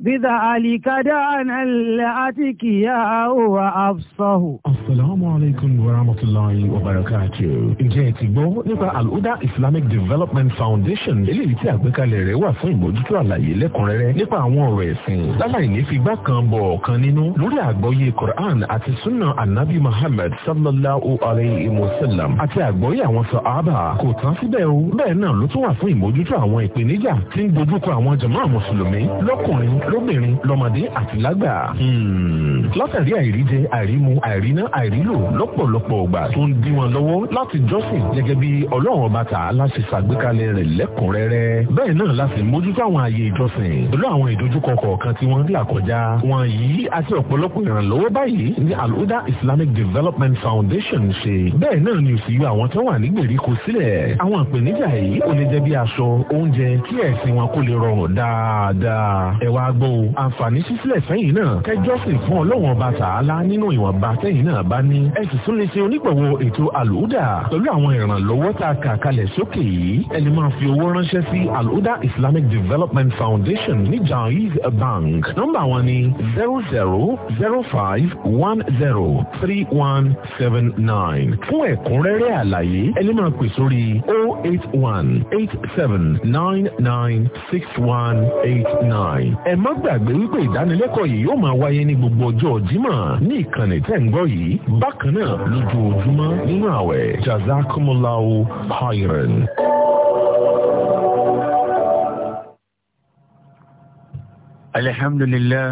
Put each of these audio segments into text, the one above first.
بذلك دعنا الأتكياء وأفصه السلام عليكم ورحمة الله وبركاته ǹjẹ́ ẹ ti gbọ́ nípa Al-Huda Islamic Development Foundation eléyìí tí àgbékalẹ̀ rẹ̀ wà fún ìmójútó àlàyé lẹ́kùnrẹ́rẹ́ nípa àwọn ọ̀rọ̀ ẹ̀sìn láláì ní figbá kan bọ̀ ọ̀kan nínú lórí àgbọ́yé Quran àti sunna Anabi Muhammad sallallahu alayhi wa sallam àti àgbọ́yé àwọn sàhábà kò tán síbẹ̀ o bẹ́ẹ̀ náà ló tún wà fún ìmójútó àwọn ìpèníjà tí ń lóbìnrin lọ́mọdé àti lágbà. Hmm. látàrí àìríjẹ àìrímu àìríná àìrílò lọ́pọ̀lọpọ̀ ọgbà tó ń dí wọn lọ́wọ́ láti jọ́sìn gẹ́gẹ́ bí ọlọ́run ọba tààlà ṣe ṣàgbékalẹ̀ rẹ̀ lẹ́kùnrẹ́rẹ́ bẹ́ẹ̀ náà la sì mójútó àwọn ààyè ìjọsìn pẹ̀lú àwọn ìdojúkọ kọ̀ọ̀kan tí wọ́n ń là kọjá wọn yìí àti ọ̀pọ̀lọpọ̀ ìrànlọ́wọ́ báyìí ní al Islamic Development Foundation ṣe bẹ́ẹ̀ náà ni òsì yọ àwọn tó wà ní gbèríko sílẹ̀ àwọn ìpèníjà yìí kò lè jẹ́ bí aṣọ oúnjẹ kí ẹ̀sìn wọn kó lè rọrùn dáadáa ẹ wá gbọ́ o àǹfààní sísílẹ̀ sẹ́yìn náà kẹjọ́sìn fún ọlọ́wọ́n ọba tààlà nínú ìwọ̀nba sẹ́yìn náà bá ní ẹ sì tún lè ṣe onígbọ̀wọ́ ètò àlùdà pẹ̀lú àwọn ìrànlọ́wọ́ tá a kà kalẹ̀ sókè yìí ẹ lè máa fi owó ránṣẹ́ sí àlùdà Islamic Development Foundation ní Jaiz Bank nọ́mbà wọn ni zero zero zero five one zero three one seven nine fún ẹ̀kúnrẹ́rẹ́ àlàyé ẹ lè máa pè sórí o oh eight one eight seven nine nine six one eight nine ẹ má má gbàgbé wípé ìdánilẹ́kọ̀ọ́ yìí yóò máa wáyé ní gbogbo ọjọ́ Jímọ̀ ní ìkànnì tẹ́ ń gbọ́ yìí bákan náà lójoojúmọ́ nínú àwẹ̀ jazakumullahu khairan. alhamdulillah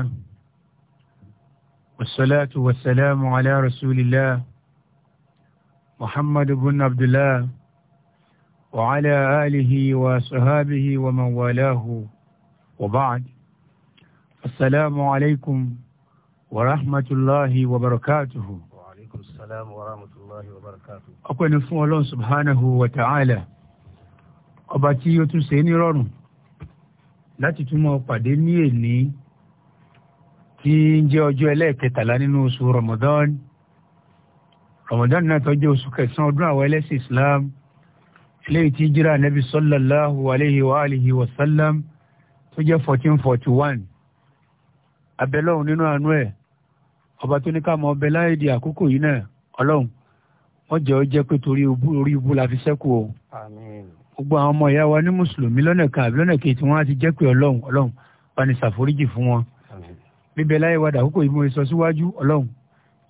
wasalaatu wasalaamu ala rasulillah muhammadu bin abdullah wa ala alihi wa sahabihi wa man walahu wa ba'd. السلام عليكم ورحمة الله وبركاته وعليكم السلام ورحمة الله وبركاته أقول نفو الله سبحانه وتعالى ọba tí ó tún ṣe ní rọrùn láti tún mọ pàdé ní èní tí ń jẹ́ ọjọ́ ẹlẹ́ẹ̀kẹtàlá nínú oṣù Ramadan Ramadan náà tó jẹ́ oṣù kẹsàn-án ọdún àwọn ẹlẹ́sìn Islam eléyìí tí jíra Nabi sallallahu alayhi wa alihi wa sallam tó jẹ́ 1441 abẹ́lọ́run nínú àánú ẹ̀ ọba tó ní ká mọ ọbẹ̀ láì di àkókò yìí náà ọlọ́run wọ́n jẹ́ ọ jẹ́ pé torí orí ibú la fi ṣẹ́kù o gbogbo àwọn ọmọ ìyá wa ní mùsùlùmí lọ́nà kan àbí lọ́nà kejì wọn á ti jẹ́ pé ọlọ́run ọlọ́run bá ní ṣàforíjì fún wọn bíbẹ̀ láyé wa dàkókò yìí mo sọ síwájú ọlọ́run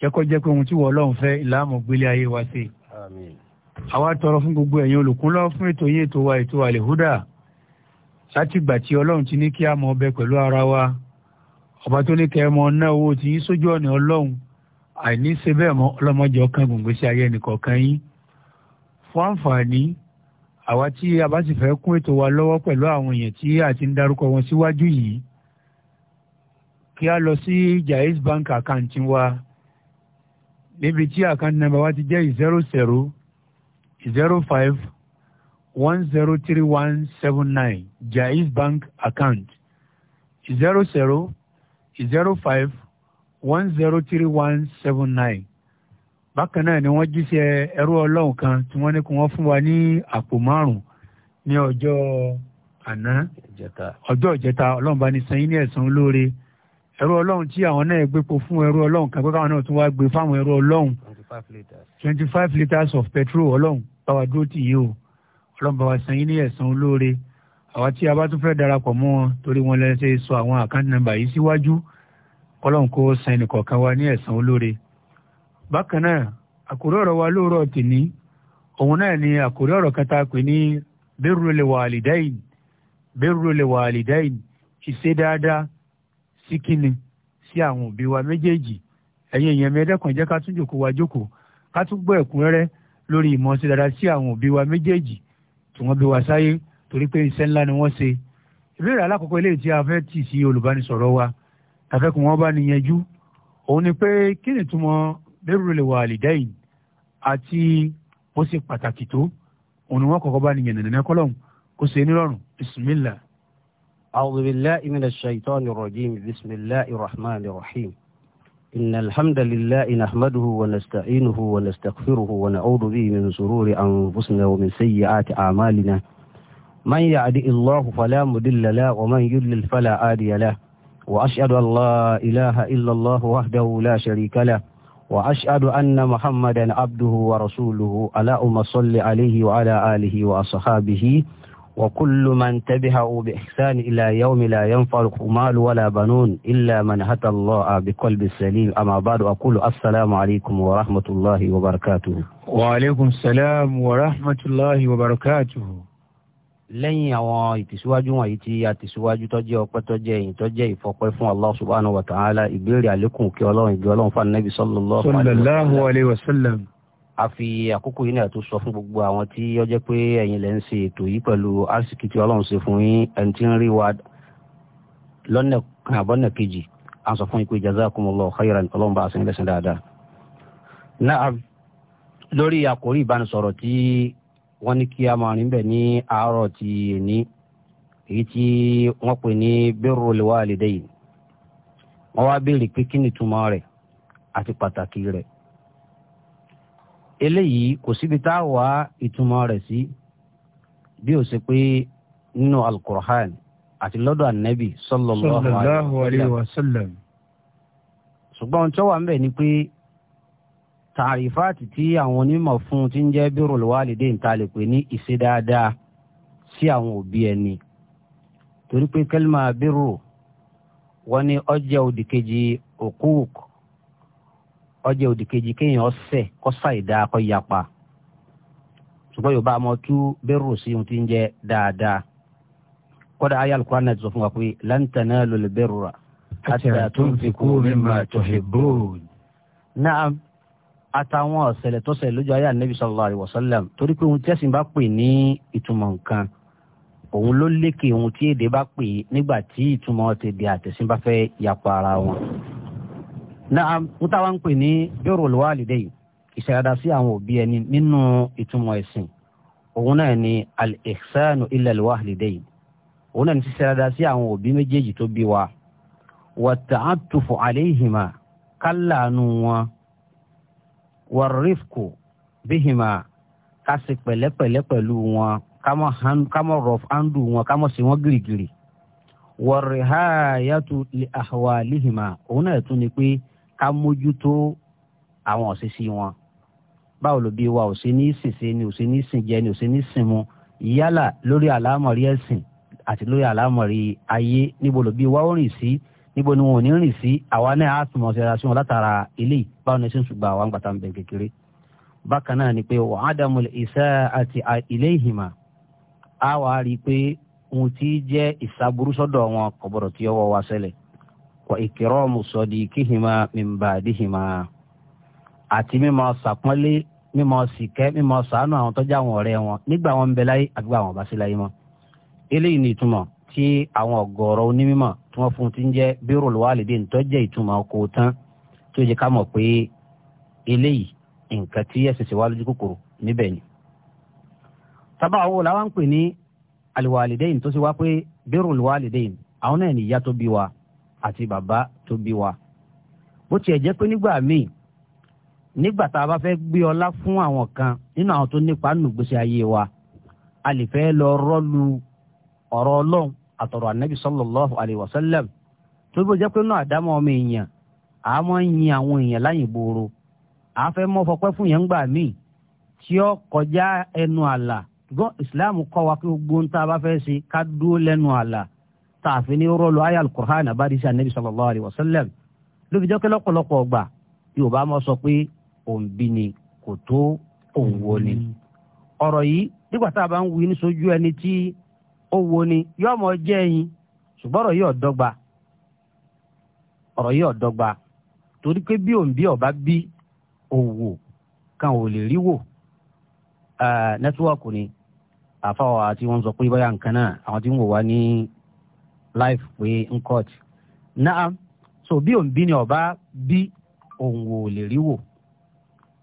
jẹ́ kó jẹ́ pé ohun tí wọ́n ọlọ́run fẹ́ ìlàmú gbélé ayé wa ṣe àwa tọrọ fún gbogbo ẹ̀yin olùkúnlọ́ fún ètò yín ètò wa ètò àlèhúdà látìgbà tí ọlọ́run ti ní kí a mọ ọbẹ̀ pẹ̀lú ara wa ọba tó ní kẹ́ ẹ mọ ná owó tí yín sójú ọ̀nà ọlọ́run àìní ṣe bẹ́ẹ̀ mọ́ ọlọ́mọdé ọkàn gbòǹgbò sí ayé ẹnìkọ̀ọ̀kan yín fún àǹfààní àwa tí a bá sì fẹ́ kún ètò wa lọ́wọ́ pẹ̀lú àwọn èèyàn tí a ń darúkọ wọn síwájú yìí kí a lọ sí Jaiz Bank account wa níbi tí account number wa ti jẹ́ zero zero zero five one zero three one seven nine Jaiz Bank account zero zero zero five one zero three one seven nine bákan náà ni wọ́n jíṣẹ́ ẹrú ọlọ́run kan tí wọ́n ní kí wọ́n fún wa ní àpò márùn-ún ní ọjọ́ àná ọjọ́ ìjẹta ọlọ́run bá ní san yín ní ẹ̀san olóore ẹrú ọlọ́run tí àwọn náà gbépo fún ẹrú ọlọ́run kan pé náà tún wá gbé fáwọn ẹrú ọlọ́run twenty five litres of petrol ọlọ́run bá wa dúró tì yí o ọlọ́run bá wa san yín ní ẹ̀san olóore àwa tí a bá tún fẹ́ darapọ̀ mọ́ wọn torí wọn lè ṣe sọ àwọn àkáǹtì nàmbà yìí síwájú kọ́lọ́n kó san ẹnìkọ̀ọ̀kan wa ní ẹ̀san olóore. bákan náà àkórí ọ̀rọ̀ wa lóòrọ̀ tèmi òun náà ni àkórí ọ̀rọ̀ kan tá a pè ní birrul walidain birrul walidain ìṣe dáadáa sí kíni sí àwọn òbí wa méjèèjì ẹ̀yin èèyàn mi ẹ̀dẹ́kan jẹ́ ká tún jókòó wa jókòó ká tún gbọ́ ẹ̀kúnrẹ́rẹ́ lórí ìmọ̀ ṣe dáadáa sí àwọn òbí wa méjèèjì tí wọ́n bí wa sáyé torí pé iṣẹ́ ńlá ni wọ́n ṣe ìbéèrè alákọ̀ọ́kọ́ eléyìí tí a fẹ́ tì sí olùbánisọ̀rọ̀ wa àfẹ́kùn wọn bá níyanjú òun ni pé kí ni túmọ̀ bẹ́rùlẹ̀ wà àlìdẹ́yìn àti ó ṣe pàtàkì tó òun ni wọ́n kọ̀ọ̀kan bá níyàn nìyẹn kọ́lọ́hún kó ṣe nírọ̀rùn bisimilá. أعوذ بالله من الشيطان الرجيم بسم الله الرحمن الرحيم إن الحمد لله نحمده ونستعينه ونستغفره ونعوذ به من شرور أنفسنا ومن سيئات أعمالنا من يعد الله فلا مدل له ومن يضلل فلا آدي له وأشهد أن لا إله إلا الله وحده لا شريك له وأشهد أن محمدا عبده ورسوله ألا أم صل عليه وعلى آله وأصحابه وكل من تبعه بإحسان إلى يوم لا ينفرق مال ولا بنون إلا من هدى الله بقلب سليم أما بعد أقول السلام عليكم ورحمة الله وبركاته وعليكم السلام ورحمة الله وبركاته lẹ́yìn àwọn ìtẹ̀síwájú wọ̀nyí tí a tẹ̀síwájú tọ́jẹ́ ọpẹ́ tọ́jẹ́ ẹ̀yìn tọ́jẹ́ ìfọpẹ́ fún Allah subhanahu wa ta'ala ìbéèrè àlékún kí ọlọ́run ìjọ ọlọ́run fún anabi sallallahu alayhi wa sallam. a fi àkókò yìí náà tó sọ fún gbogbo àwọn tí ó jẹ́ pé ẹ̀yin lẹ́ ń ṣe ètò yìí pẹ̀lú arsik tí ọlọ́run ṣe fún yín ẹni tí ń rí wa lọ́nà kejì à sọ fún yín pé wọ́n ní kí a máa rìn ní àárọ̀ ti èní èyí tí wọ́n pè ní birrul walidayn wọ́n wá béèrè pé kí ni rẹ̀ àti pàtàkì rẹ̀ eléyìí kò síbi tá a wá ìtumọ̀ rẹ̀ sí bí o ṣe pé nínú alukur'an àti lọ́dọ̀ ṣùgbọ́n tààrífàtì tí àwọn onímọ̀ fún ti ń jẹ́ birrul walidain ta lè pè ní ìṣe dáadáa sí àwọn òbí ẹni torí pé kẹ́lìmà bírò wọ́n ní ọjà òdìkejì òkúùk ọjà òdìkejì kéèyàn ọ̀sẹ̀ kọ́sà ìdá kọ́yapa ṣùgbọ́n yorùbá a mọ̀ tú bírò sí ohun tí ń jẹ́ dáadáa kọ́dà ayé alukóra náà ti sọ fún wa pé lan tanalu al àtàwọn ọ̀sẹ̀lẹ̀ tó ṣẹlẹ̀ lójú ayé ànábì sallallahu alaihi wasallam torí pé ohun tẹ́sìn bá pè ní ìtumọ̀ nǹkan òun ló lékè ohun tí èdè bá pè nígbà tí ìtumọ̀ tèdè àtẹ̀sìn bá fẹ́ yapa ara wọn. náà wọ́n táwa ń pè ní birrul walidayn ìṣẹ̀dá sí àwọn òbí ẹni nínú ìtumọ̀ ẹ̀sìn òun náà ni al-ihsanu ila al-walidayn òun náà ni wàrífkù bihima ká ṣe pẹ̀lẹ́pẹ̀lẹ́ pẹ̀lú wọn ká mọ̀ rọ̀f áńdù wọn ká mọ̀ sí wọn gìrìgìrì wọ̀rìháyàtú àhùwà líhìmà òun náà tún ni pé ká mójútó àwọn òṣìṣì wọn báwo ló bí wa ò sí ní sìnṣe ni ò sí ní sìnjẹ ni ò sí ní sìnmu yálà lórí àlámọ̀rí ẹ̀sìn àti lórí àlámọ̀rí ayé níbo ló bí wa ó rìn sí. Si, níbo ni wọn ò ní rìn sí àwa náà á tún mọ̀ ṣe aṣọ látara ilé báwọn ẹṣin ṣùgbọ́n àwọn àgbàtà ń bẹ kékeré bákan náà ni pé wọ́n á dààmú iṣẹ́ àti ilé ìhìmà á wà á rí i pé ohun tí jẹ́ ìsaburú sọ́dọ̀ wọn kò tí ọwọ́ wa ṣẹlẹ̀ wà ìkìrọ́ọ̀mù sọ̀dí kíhìmà mìmbàdíhìmà àti mímọ sàpọ́nlé mímọ sìkẹ́ mímọ sàánú àwọn tọ́jú àwọn ọ̀rẹ́ wọn nígbà wọn ń bẹ láyé àbí àwọn ọ̀bá sí láyé mọ́ eléyìí ni ìtumọ̀ tí àwọn ọ̀gọ̀ọ̀rọ̀ onímọ̀ wọ́n fún ti ń jẹ́ bírò lùwálìdín tó jẹ́ ìtumọ̀ ọkọ̀ tán tó yẹ ká mọ̀ pé eléyìí nǹkan tí ẹ̀sìn ṣe wá lójú kòkòrò níbẹ̀ ni. sábà wo làwọn ń pè ní àlùwálìdín tó ṣe wá pé bírò lùwálìdín àwọn náà ní ìyá tó bí wa àti bàbá tó bí wa. bó tiẹ̀ jẹ́ pé nígbà míì nígbà tá a bá fẹ́ gbé ọlá fún àwọn kan nínú àwọn tó nípa nùgbésí ayé wa a lè fẹ́ lọ rọ́lu ọ̀rọ̀ ọlọ́run àtọ̀rọ̀ ànábì sallallahu alaihi wasallam tó bó jẹ́ pé náà àdámọ́ ọmọ èèyàn àmọ́ ń yin àwọn èèyàn láyìn gbòòrò àfẹ́ mọ́ fọpẹ́ fún yẹn gbà míì tí ó kọjá ẹnu àlà gbọ́n islam kọ́ wa kí gbogbo ń tá a bá fẹ́ ṣe ká dúró lẹ́nu àlà tá a fi ní rọ́ọ̀lù ayé alukur'an àbádìsí ànábì sallallahu alaihi ló fi jẹ́ pé lọ́pọ̀lọpọ̀ ọgbà owó ni yóò mọ jẹ́ ẹyin ṣùgbọ́n ọ̀rọ̀ yóò dọ́gba ọ̀rọ̀ yóò dọ́gba torí pé bí òǹbí ọ̀bá bí òwò kan ò lè rí wò nẹ́tíwọ́ọ̀kù ni àfáwọ̀ àti wọn sọ pé báyà nǹkan náà àwọn tí ń wò wá ní life pé ń court náà so bí òǹbí ni ọ̀bá bí òwò ò lè rí wò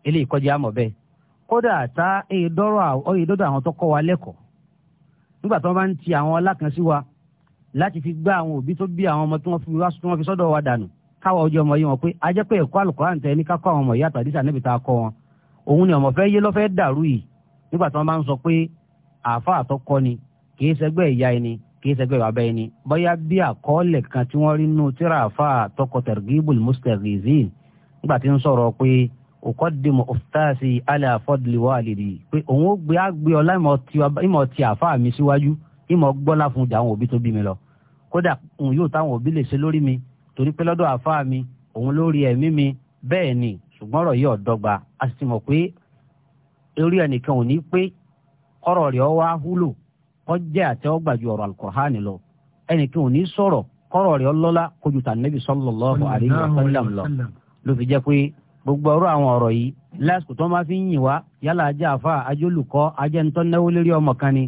eléyìí kọjá àmọ̀ bẹ́ẹ̀ kódà tá èyí dọ́rọ̀ àwọn tó kọ́ wa lẹ́kọ̀ọ́ nígbà tí wọ́n bá ń ti àwọn ọlá kan sí wa láti fi gbá àwọn òbí tó bí àwọn ọmọ tí wọ́n fi wá tí wọ́n fi sọ́dọ̀ wa dànù káwa ọjọ́ ọmọ yìí wọn pé a pé ẹ̀kọ́ àlùkòrán tẹ ní kákọ́ àwọn ọmọ yìí àtàdé sàn tá a kọ́ wọn òun ni ọmọ fẹ́ yé lọ́fẹ́ dàrú yìí nígbà tí wọ́n bá ń sọ pé àáfà àtọ́kọ́ ni kì í ṣẹgbẹ́ ìyá ẹni kì í ṣẹgbẹ́ bàbá ẹni bóyá bí àkọọ́lẹ̀ kan tí wọ́n rí nù tíra àáfà àtọ́kọ́ tẹ̀rẹ̀gíbùl mustaqizin nígbà tí ń sọ̀rọ̀ pé òkọ́dìmọ̀ ọ̀fíìsì alẹ́ àfọ́dìlíwọ́ àlèdè pé òun ó gbé àgbé ọlá ìmọ̀ ti àfáà mi síwájú ìmọ̀ gbọ́lá fún ìjà àwọn òbí tó bí mi lọ kódà òun yóò táwọn òbí lè ṣe lórí mi torí pé lọ́dọ̀ àfáà mi òun lórí ẹ̀mí mi bẹ́ẹ̀ ni ṣùgbọ́n ọ̀rọ̀ yìí ọ̀dọ́gba a sì mọ̀ pé orí ẹnìkan ò ní pé kọ́rọ̀ rẹ̀ ọ wá húlò kọ́ jẹ́ àtẹ́wọ́gbà ju ọ̀rọ̀ al lọ ẹnìkan ò ní sọ̀rọ̀ kọ́rọ̀ rẹ̀ ọlọ́lá kojú tànẹ́bì sallallahu alaihi wasallam lọ ló fi jẹ́ pé gbogbo ọ̀rọ̀ àwọn ọ̀rọ̀ yìí lásìkò tó máa fi ń yìn wá yálà ajá àfa ajólùkọ ajẹnitọ́ náwó lérí ọmọ kan ni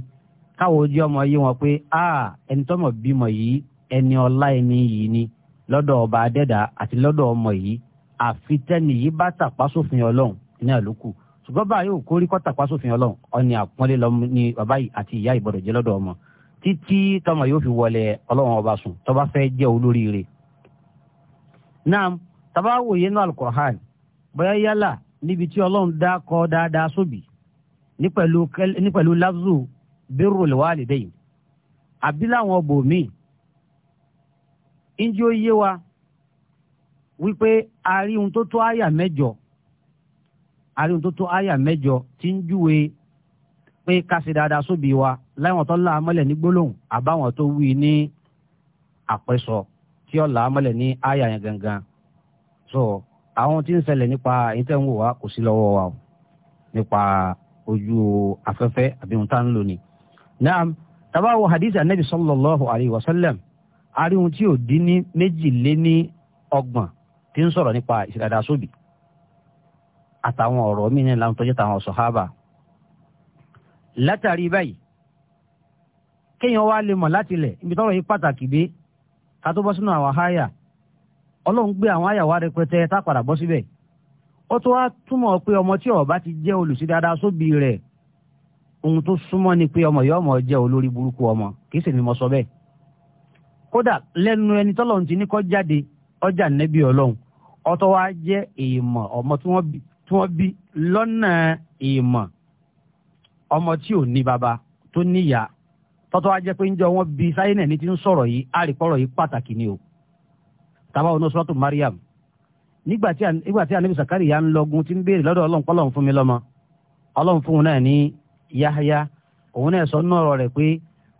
káwọn ojú ọmọ yé wọn pé a ẹni tọmọ bímọ yìí ẹni ọlá ẹni yìí ni lọ́dọ̀ ọba adẹ́dà àti lọ́dọ̀ ọmọ yìí àfi tẹ́ni yìí bá tàpá sófin ọlọ́run ní àlòkù ṣùgbọ́n báyìí ò kórí kọ́ tàpá sófin ọlọ́run ọ̀ni àpọ́nlé lọ ni bàbá yìí àti ìyá ìgbọ́dọ̀ jẹ́ lọ́dọ̀ ọmọ títí tọmọ yóò fi wọlé ọlọ́run ọba sùn tọba fẹ́ jẹ́ olóríire. náà tabawo yẹn náà bóyá yálà níbi tí ọlọ́run dá kọ́ dáadáa sóbì ní pẹ̀lú lafzu birrul walidayn àbí láwọn bòmíì ń jẹ́ yé wa wípé a rí ohun tó tó àyà mẹ́jọ a rí ohun tó tó àyà mẹ́jọ tí ń júwe pé ká ṣe dáadáa sóbì wa láwọn tó là á mọ́lẹ̀ ní gbólóhùn àbáwọn tó wí ní àpẹsọ tí ó là á ní àyà yẹn gangan so àwọn tí ń ṣẹlẹ̀ nípa ìtẹ̀ ń wò wá kò sí lọ́wọ́ wa o nípa ojú afẹ́fẹ́ àbí ohun tá ń lò ní. naam tabawo hadith anabi sallallahu alayhi wa sallam ariwo tí ò dín ní méjìléní ọgbọ̀n tí ń sọ̀rọ̀ nípa ìṣẹ̀dá sóbì àtàwọn ọ̀rọ̀ míì ní ìlànà tó jẹ́ tàwọn sàhábà látàrí báyìí kéèyàn wá lè mọ̀ látilẹ̀ ibi tọ́rọ̀ yìí pàtàkì dé ká tó bọ́ sínú àwọn háyà ọlọ́run gbé àwọn àyàwó arẹpẹtẹ tá padà bọ́ síbẹ̀ ó tó wá túmọ̀ pé ọmọ tí ó bá ti jẹ́ olùsí dáadáa sóbì rẹ̀ ohun tó súnmọ́ ni pé ọmọ yọ̀ọ́mọ jẹ́ olórí burúkú ọmọ kì í sì ní mo sọ bẹ́ẹ̀ kódà lẹ́nu ẹni tọ́lọ́run ti ní kọ́ jáde ọjà nẹ́bí ọlọ́run ọtọ́ wa jẹ́ èèmọ̀ ọmọ tí wọ́n bí lọ́nà èèmọ̀ ọmọ tí ò ní baba tó níyà tọ́tọ́ wa jẹ́ pé ń jọ wọ́n bí sáyẹ́nẹ̀ ní ti ń sọ̀rọ̀ yìí àríkọ́rọ̀ yìí pàtàkì ni o tàbá ọ̀nà sọ́tò Mariam nígbà tí anabi Sakariya ń lọgun tí ń béèrè lọ́dọ̀ ọlọ́run kọ́lọ́run fún mi lọ́mọ ọlọ́run fún un náà ní Yahaya òun náà sọ náà rẹ̀ pé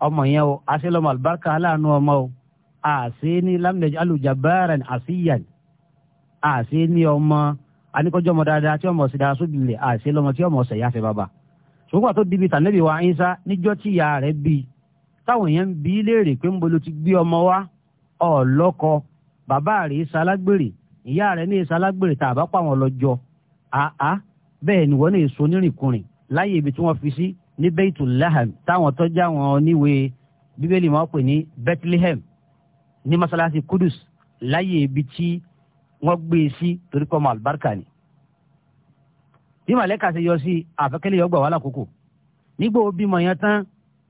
ọmọ yẹn o àṣẹ lọ́mọ àlùbáríkà aláàánú ọmọ o àṣẹ ní lamdej alujabaran asiyan àṣẹ ní ọmọ anikọjọ ọmọ dáadáa tí ọmọ sì dáa sóbìlẹ àṣẹ lọ́mọ tí ọmọ sẹyà fẹ bàbá ṣùgbọ́n tó dibi tànẹ́bí wa ayínṣá níjọ́ tí ìyá rẹ̀ bí táwọn èèyàn bí léèrè pé ń bolo ti gbé ọmọ wa ọ̀lọ́kọ bàbá rẹ̀ ṣalágbèrè ìyá rẹ̀ ní ṣalágbèrè tá a bá pa wọn lọ jọ àá bẹ́ẹ̀ ni wọ́n ní èso nírìnkùnrin láyé ibi tí wọ́n fi sí ní Baitulaham táwọn tọ́jà wọn níwèé bíbélì máa pè ní Bethlehem ní masalasi Kudus láyé ibi tí wọ́n gbé e sí torí kọ́ mọ ni bí màlẹ́kà ṣe yọ sí àfẹ́kẹ́lẹ́ yọgbà wà lákòókò nígbà ó bímọ yẹn tán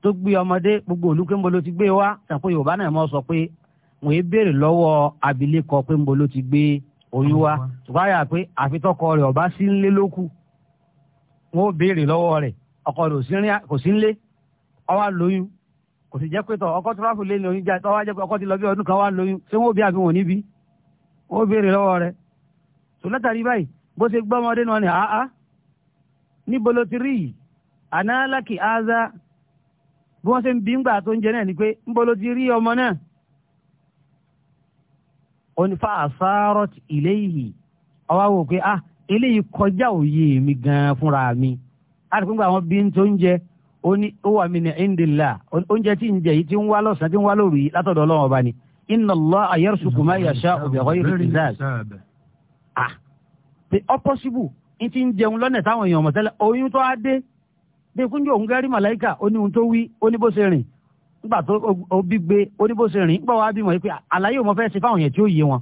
tó gbé ọmọdé gbogbo olùkẹ́ńbó ló ti gbé wá sàpé Yorùbá náà mọ́ sọ pé wọ́n yé béèrè lọ́wọ́ abilékọ pé ń bo ló ti gbé oyún wá pé àfitọ́kọ rẹ̀ ọba sí ńlé lókù wọ́n béèrè lọ́wọ́ rẹ̀ ọkọ rẹ̀ kò sí ńlé ọwá lóyún kò sì jẹ́ pé ọkọ tíráfù lé ní oyún ọkọ ti lọ bí ọdún kan wá lóyún ṣé wọ́n bí béèrè lọ́wọ́ rẹ̀ tó látàrí báyìí bó ṣe gbọ́ ọmọdé ni àá níbo ló ti rí yìí àná lákì áza bí wọ́n ọmọ náà ó ní fa asarot ilayhi ọwọ́ wò pé ah eléyìí kọjá òye mi gan fúnra mi láti pín pé àwọn bí n tó ń jẹ ó ní ó wà mí ní indillah oúnjẹ tí ń jẹ yìí tí ń wá lọ́sàn-án tí ń wá lóru yìí látọ̀dọ̀ ọlọ́run ọba ni inna Allah yarzuqu man yasha'u bighayri hisab ah the impossible n ti ń jẹun lọ́nà táwọn èèyàn mọ̀ tẹ́lẹ̀ oyún tó á dé bí kúnjú òun gẹ́rí màláìkà ó ní ohun tó wí ó ní bó ṣe rìn nígbà tó obi gbé oníbóṣe rìn gbọ́ wá bímọ yìí pé àlàyé mo fẹ́ ṣe fáwọn yẹn tí ó yé wọn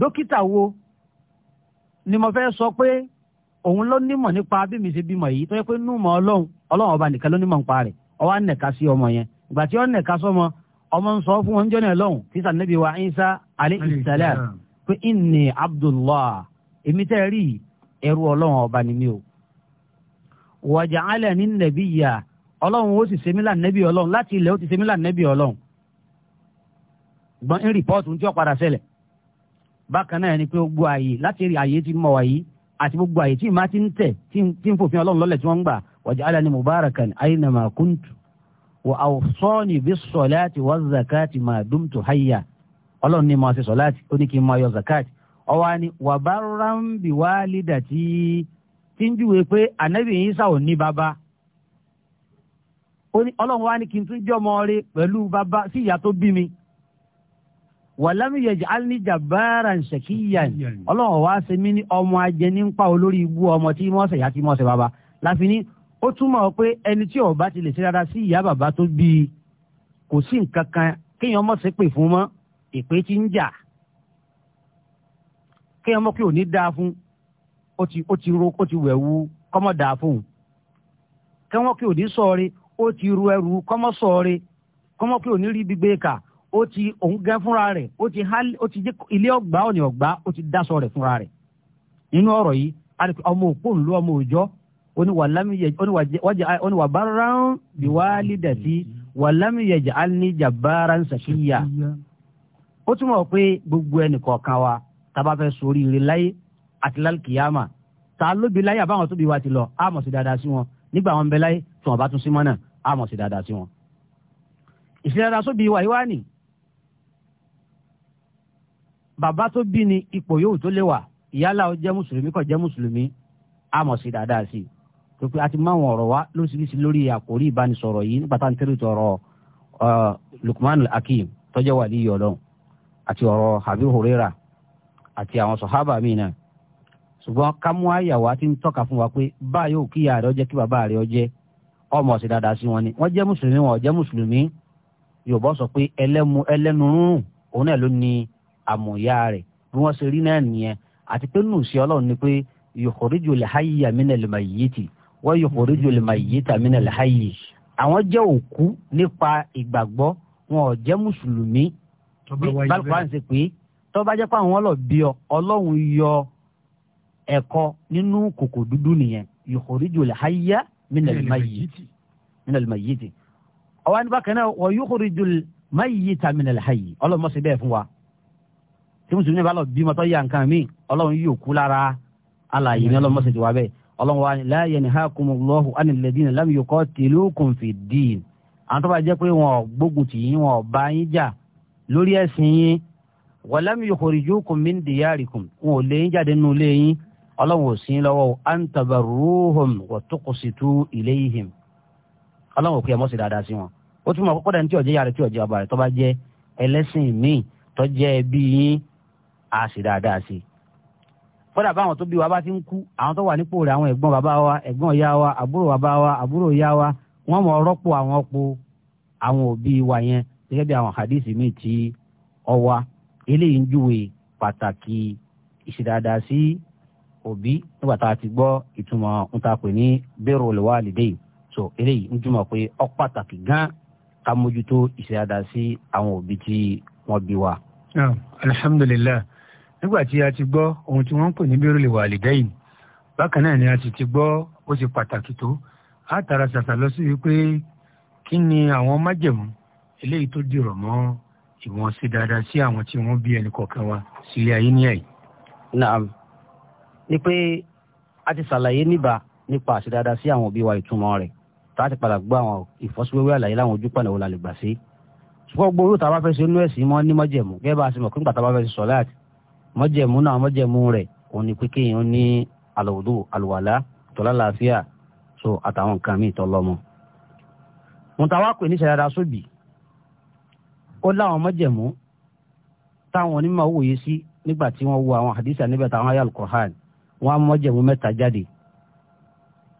dókítà wo ni mo fẹ́ sọ pé òun ló nímọ̀ nípa bí mi ṣe bímọ yìí tó yẹ pé númọ̀ ọlọ́run ọlọ́run ọba nìkan ló nímọ̀ nípa rẹ̀ ọwọ́ á nẹ̀ka sí ọmọ yẹn ìgbà tí ó nẹ̀ka sọmọ ọmọ ń sọ fún wọn jọ́nà lọ́hùn tí sànẹ́bí wa Isa alayhi salam pé inni abdullah èmi tẹ́ rí ẹrú ọlọ́run ọba ni mi o wàjà alẹ́ ní nàbíyà ọlọ́run ó sì ṣe mí lànẹ́bí ọlọ́run láti ilẹ̀ ó ti ṣe mí lànẹ́bí ọlọ́run gbọ́n ń rìpọ́ọ̀tù tí ó padà ṣẹlẹ̀ bákan náà ni pé gbogbo ààyè láti rí ààyè tí mọ̀ wáyé àti gbogbo ààyè tí màá ti ń tẹ̀ tí ń fòfin ọlọ́run lọ́lẹ̀ tí wọ́n ń gbà waj'alani mubarakan aynama kuntu wa awsani bis salati waz zakati ma dumtu hayya ọlọ́run ní mo ṣe sọ̀láàtì ó ní kí n máa yọ zakati ọwọ́ ni wa barran bi walidati tí ń júwe pé ànábì Ìsá ò ní bàbá ọlọ́run wá ní kí n tún jẹ́ ọmọ rẹ pẹ̀lú bàbá sí ìyá tó bí mi. wàlámù yẹ̀jẹ̀ alíjà báárà ń ṣèkíyà ni ọlọ́run wá ṣe mí ní ọmọ ajẹ́ ní pa olórí ibú ọmọ tí mọ́ ṣe ìyá tí mọ́ ṣe bàbá láfi ní ó túmọ̀ pé ẹni tí ó bá ti lè ṣe rárá sí ìyá bàbá tó bí i kò sí nǹkan kan kéèyàn mọ̀ sí pè fún mọ́ ìpè tí ń jà kéèyàn mọ̀ pé ò dáa fún ó ti ro ó ti wẹ̀wù kọ́mọ̀ dáa fún un kẹ́wọ́n pé ò ní sọ ó ti ru ẹrù kọ́mọ́sọ̀ọ́rẹ́ kọ́mọ́ pé òní rí gbígbé kà ó ti òun gẹ́ fúnra rẹ̀ ó ti há ó ti jẹ́ ilé ọ̀gbá ọ̀nì ọ̀gbá ó ti dáṣọ rẹ̀ fúnra rẹ̀ nínú ọ̀rọ̀ yìí ọmọ òpó ńlú ọmọ òòjọ́ oníwà bárán bí wàá lídà sí wàlámì yẹjà ń ṣàkíyà ó túmọ̀ pé gbogbo ẹnì wa tá fẹ́ sórí ire àti lálùkìyàmà ta ló bi láyé àbáwọn tó bi wa ti lọ á mọ̀ sí dáadáa sí wọn nígbà wọn bẹ láyé tí wọn bá tún sí mọ́ náà á mọ̀ sí dáadáa sí wọn. ìṣe dáadáa tó bí ìwà yìí wá nì bàbá tó bí ni ipò yòówù tó lè wà ìyálà ó jẹ́ mùsùlùmí kò jẹ́ mùsùlùmí á mọ̀ sí dáadáa sí tó pé a ti máwọn ọ̀rọ̀ wa lóṣìṣì lórí àkórí ìbánisọ̀rọ̀ yìí nípa tá à ń tẹ́rù tọrọ Lukman Hakim tọ́jọ́ wà ní ìyọ̀lọ́ àti ọ̀rọ̀ Abu Huraira àti àwọn sọ̀hábà míì náà ṣùgbọ́n ká mú àyàwó àti ń tọ́ka fún wa pé báyìí ò kíyà rẹ̀ ọjẹ́ kí bàbá rẹ̀ ọjẹ́ ọmọ ọ̀sẹ̀ dáadáa sí wọn ni wọ́n jẹ́ mùsùlùmí wọn jẹ́ mùsùlùmí yorùbá sọ pé ẹlẹ́mu ẹlẹ́nu rúrùn òun náà ló ní àmùyá rẹ̀ bí wọ́n ṣe rí náà nìyẹn àti pé nù sí ọlọ́run ni pé yòkòríjò lè háyìyà mí náà lè máa yìí tì wọ́n yòkòríjò lè máa yìí tà lè háyìí àwọn jẹ́ òkú nípa ìgbàgbọ́ wọn ò jẹ́ mùsùlùmí bálùkọ́ à ń ṣe pé tọ́ jẹ́ pé àwọn ọlọ́ọ̀ bí ọ ọlọ́run yọ ẹ̀kọ́ nínú kòkò dúdú nìyẹn yòkòríjò lẹ́hàyà mínàlùmáyìtì ọwọ́ ní bákan náà wọ́n yòkòríjò máyìtà mínàlùmáyì ọlọ́run mọ̀ sí bẹ́ẹ̀ fún wa tí mùsùlùmí bá lọ bímọ tó yà nǹkan mi ọlọ́run yóò kú lára alàyè ní ọlọ́run mọ̀ sí ti wá bẹ́ẹ̀ ọlọ́run wa láàyè ní hákùmù lọ́hùn ánìlẹ́dínà lámì yòkọ́ tìlókùn fi dín àwọn tó bá jẹ́ pé wọn gbógun tì yín wọn bá yín jà lórí ẹ̀sìn yín wọ́n lámì yòkòríjò kùn mí ń ọlọ́wọ́ sí lọ́wọ́ antabaruhum wa tuqsitu ilayhim ọlọ́wọ́ pé ẹ mọ́ sí dáadáa sí wọn ó túmọ̀ kókó dẹni tí ọ̀jẹ́ yára tí ọ̀jẹ́ ọba rẹ̀ tó bá jẹ́ ẹlẹ́sìn míì tó jẹ́ ẹbí yín á sì dáadáa sí i kódà báwọn tó bí wa bá ti ń kú àwọn tó wà nípò rẹ̀ àwọn ẹ̀gbọ́n bàbá wa ẹ̀gbọ́n ìyá wa àbúrò bàbá wa àbúrò ìyá wa wọ́n mọ̀ rọ́pò àwọn ọ̀pọ̀ àwọn òbí wa yẹn gẹ́gẹ́ bí àwọn hadith míì tí ọwa eléyìí ń júwe pàtàkì ìṣèdáadáa sí òbí nígbà tá a ti gbọ́ ìtumọ̀ ń ta pè ní bẹ́rù lè wálìdé so eléyìí ń túmọ̀ pé ó pàtàkì gan ká mójútó ìṣẹ́yàdá sí àwọn òbí tí wọ́n bí wa. alhamdulilayi nígbà tí a ti gbọ́ ohun tí wọ́n ń pè ní bẹ́rù lè wálìdé yìí bákan náà ni a ti ti gbọ́ ó ti pàtàkì tó a tara ṣàṣà lọ sí wípé kí ni àwọn májẹ̀mú eléyìí tó dìrọ̀ mọ́ ìwọ̀n sí dáadáa sí àwọn tí wọ́n bí ẹnì kọ̀ọ̀kan wa sílé ayé níyà yìí. naam ni pé a ti ṣàlàyé níbà nípa àṣedáadá sí àwọn òbí wa ìtumọ̀ rẹ̀ tá a ti padà gbọ́ àwọn ìfọ́síwẹ́wẹ́ àlàyé láwọn ojú pọ̀nà wo la lè gbà sí. ṣùgbọ́n gbogbo orúkọ àbáfẹ́ sí inú ẹ̀sìn mọ́ ní mọ́jẹ̀mú gẹ́gẹ́ bá a ṣe mọ̀ pé nígbà tá a bá fẹ́ sí sọ́láàtì mọ́jẹ̀mú náà mọ́jẹ̀mú rẹ̀ òun ni pé kéèyàn ní àlòwòdò àlùwàlá tọ́lá làáfíà so àtàwọn nǹkan míì tọ́lọ́mọ. mùtàwá pè ní ṣàdáadá sóbì ó láwọn mọ́jẹ̀mú táwọn onímọ̀ wòye sí nígbà tí wọ́n wọn á mọ́jẹ̀mú mẹ́ta jáde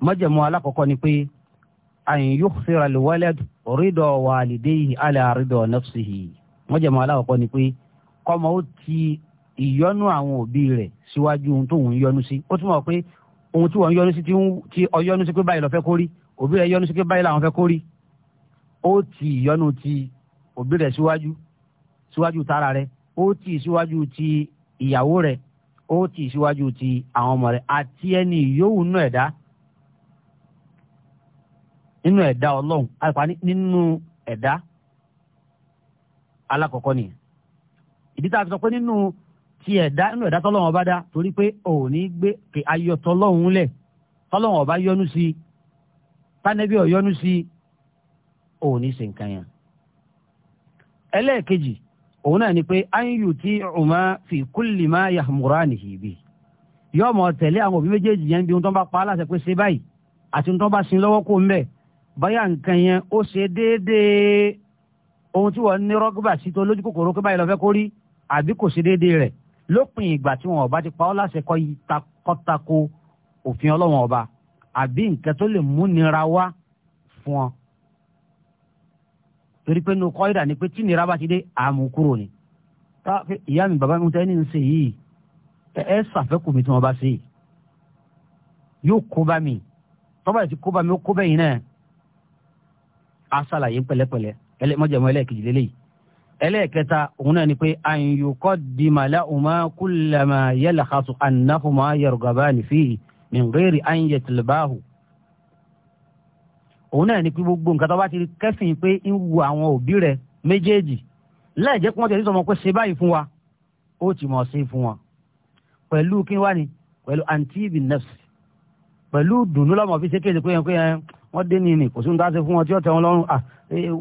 mọ́jẹ̀mú alákọ̀ọ́kọ́ ni pé àyìn yóò fẹ́ra lè wálẹ́d rídọ̀ wàlídéyìí alẹ́ àrídọ̀ nafsihi mọ́jẹ̀mú alákọ̀ọ́kọ́ ni pé kọ́mọ ó ti ìyọ́nú àwọn òbí rẹ̀ síwájú ohun tóun yọ́nú sí ó túmọ̀ pé ohun tí wọ́n yọ́nú sí tí ọ yọ́nú sí pé báyìí lọ fẹ́ kórí òbí rẹ̀ yọ́nú sí pé báyìí làwọn fẹ́ kórí ó ti ìyọ́nú ti òbí rẹ̀ síwájú síwájú tara rẹ̀ ó ti síwájú ti ìyàwó rẹ̀ ó tì síwájú ti àwọn ọmọ rẹ̀ àti ẹni yòówù nínú ẹ̀dá nínú ẹ̀dá ọlọ́run àìpá nínú ẹ̀dá alákọ̀ọ́kọ́ nìyẹn ìdí tá a fi sọ pé nínú ti ẹ̀dá nínú ẹ̀dá tọ́lọ́run ọba dá torí pé òní gbé kí ayọ̀ tọ́lọ́run lẹ̀ tọ́lọ́run ọba yọ́nú sí i tánẹ́bí ọ̀yọ́nú sí i òní ṣe nǹkan yẹn ẹlẹ́ẹ̀kejì òun náà ni pé áyù tí ọmọ fi kúlì máa yà múra nìyí bi yóò mọ̀ tẹ̀lé àwọn òbí méjèèjì yẹn bí wọn tó bá pa á láṣẹ pé ṣe báyìí àti wọn tó bá sin lọ́wọ́ kó ń bẹ̀ báyà nǹkan yẹn ó ṣe déédéé ohun tí wọn ní rọgbà sí tó lójú kòkòrò pé báyìí lọ kó rí àbí kò ṣe déédéé rẹ̀ lópin ìgbà tí wọn ọba ti pa ọ́ láṣẹ kọ́tako òfin ọlọ́wọ́n ọba àbí nǹkan tó lè múnira wá fún ọ torí pé nu kọ́ìdà ni pé tí nira bá ti dé àmú kúrò ni ìyá mi bàbá mi tẹ́ ní ń ṣe yìí ẹ ẹ ṣàfẹ́kù mi tí wọ́n bá ṣe yìí yóò kó bá mi tọ́ba yìí ti kó bá mi ó kó bẹ́yìn náà á ṣàlàyé pẹ̀lẹ́pẹ̀lẹ́ ẹlẹ́mọ̀jẹ̀mọ́ ẹlẹ́ẹ̀kejì lélẹ́yìí ẹlẹ́ẹ̀kẹta òun náà ni pé àyùkọ́ di màlá ọmọ kúlẹ̀mà yẹlẹ̀ xaṣù ànáfọ̀mọ́ yẹrùgàbá nìfíì nìgbèrè àyẹ̀tìlbáhù òun náà ni pé gbogbo nǹkan tó bá ti kẹ́sìn pé ń wo àwọn òbí rẹ méjèèjì lẹ́ẹ̀jẹ́ kí wọ́n ti sọmọ pé ṣe báyìí fún wa ó ti mọ̀ sí fún wọn pẹ̀lú kí wá ni pẹ̀lú antibi nefsi pẹ̀lú dùnú lọ́mọ fi ṣe kéde pé yẹn wọ́n dé ní ní kò sí ní tó ṣe fún wọn tí ó tẹ́ wọn lọ́rùn à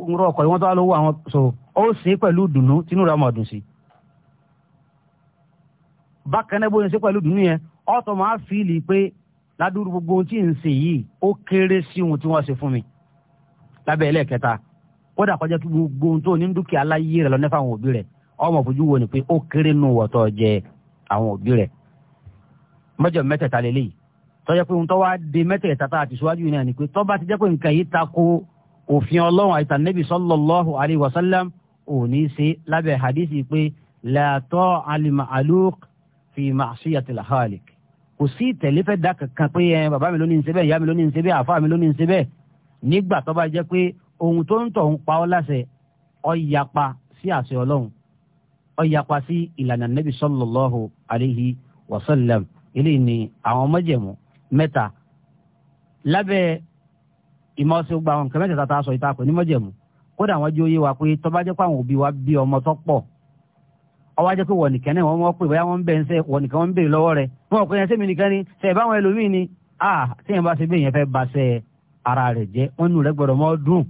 ń rọ ọkọ̀ ìwọ́n tó wá lówó àwọn so ó ṣe pẹ̀lú dùnú tínú rẹ̀ mọ̀ dùn sí. bákan náà bóyá ṣe pẹ̀lú dùnú yẹn ọ̀tọ̀ ládùúrú gbogbo ohun tí ń ṣe yìí ó kéré sí ohun tí wọ́n ṣe fún mi lábẹ́ ẹlẹ́ẹ̀kẹta kódà kọjá kí gbogbo ohun tó ní dúkìá láyé rẹ lọ nípa àwọn òbí rẹ ọmọ fojú wo ni pé ó kéré nù wọ̀tọ̀ jẹ àwọn òbí rẹ mọ́jọ mẹ́tẹ̀ẹ̀ta lélẹ́yìí tọ́jọ́ pé ohun tó wá de mẹ́tẹ̀ẹ̀ta tá a ti síwájú yìí náà ni pé tó bá ti jẹ́ pé nǹkan yìí tako òfin ọlọ́run àti ànábì sallallahu alaihi wasallam ò ní ṣe lábẹ́ hadisi pé la ta'al fi ma'siyatil khaliq kò sí ìtẹ̀lẹ́fẹ́ dá kankan pé ẹ bàbá mi ló ní ń ṣe bẹ́ẹ̀ ìyá mi ló ní ń ṣe bẹ́ẹ̀ àfa mi ló ní ń nígbà tó bá jẹ́ pé ohun tó ń tọ̀hún pa ọ́ láṣẹ ó yapa sí àṣẹ ọlọ́run ó yapa sí ìlànà nabi sallallahu alayhi wa sallam eléyìí ni àwọn májẹ̀mú mẹ́ta lábẹ́ ìmọ̀ ọ̀sẹ̀ gbogbo àwọn nǹkan mẹ́tẹ̀ẹ̀ta tá a sọ ìta pè ní májẹ̀mú kódà wọ́n jẹ́ òye wa pé tó bá jẹ́ pé àwọn òbí wa bí ọmọ tó pọ̀ ọwọ́ ajẹ́ pé wọ̀ nìkan náà wọ́n mọ̀ pé bóyá wọ́n ń bẹ̀ ń sẹ́ wọ̀ nìkan wọ́n ń bèrè lọ́wọ́ rẹ̀ wọ́n mọ̀ pé yẹn sẹ́mi nìkan ni sẹ́ ẹ̀ báwọn ẹlòmíì ni a sẹ́yìn bá ṣe bẹ́ẹ̀ yẹn fẹ́ ba sẹ́ ara rẹ̀ jẹ́ wọ́n nù rẹ̀ gbọ́dọ̀ mọ́ dùn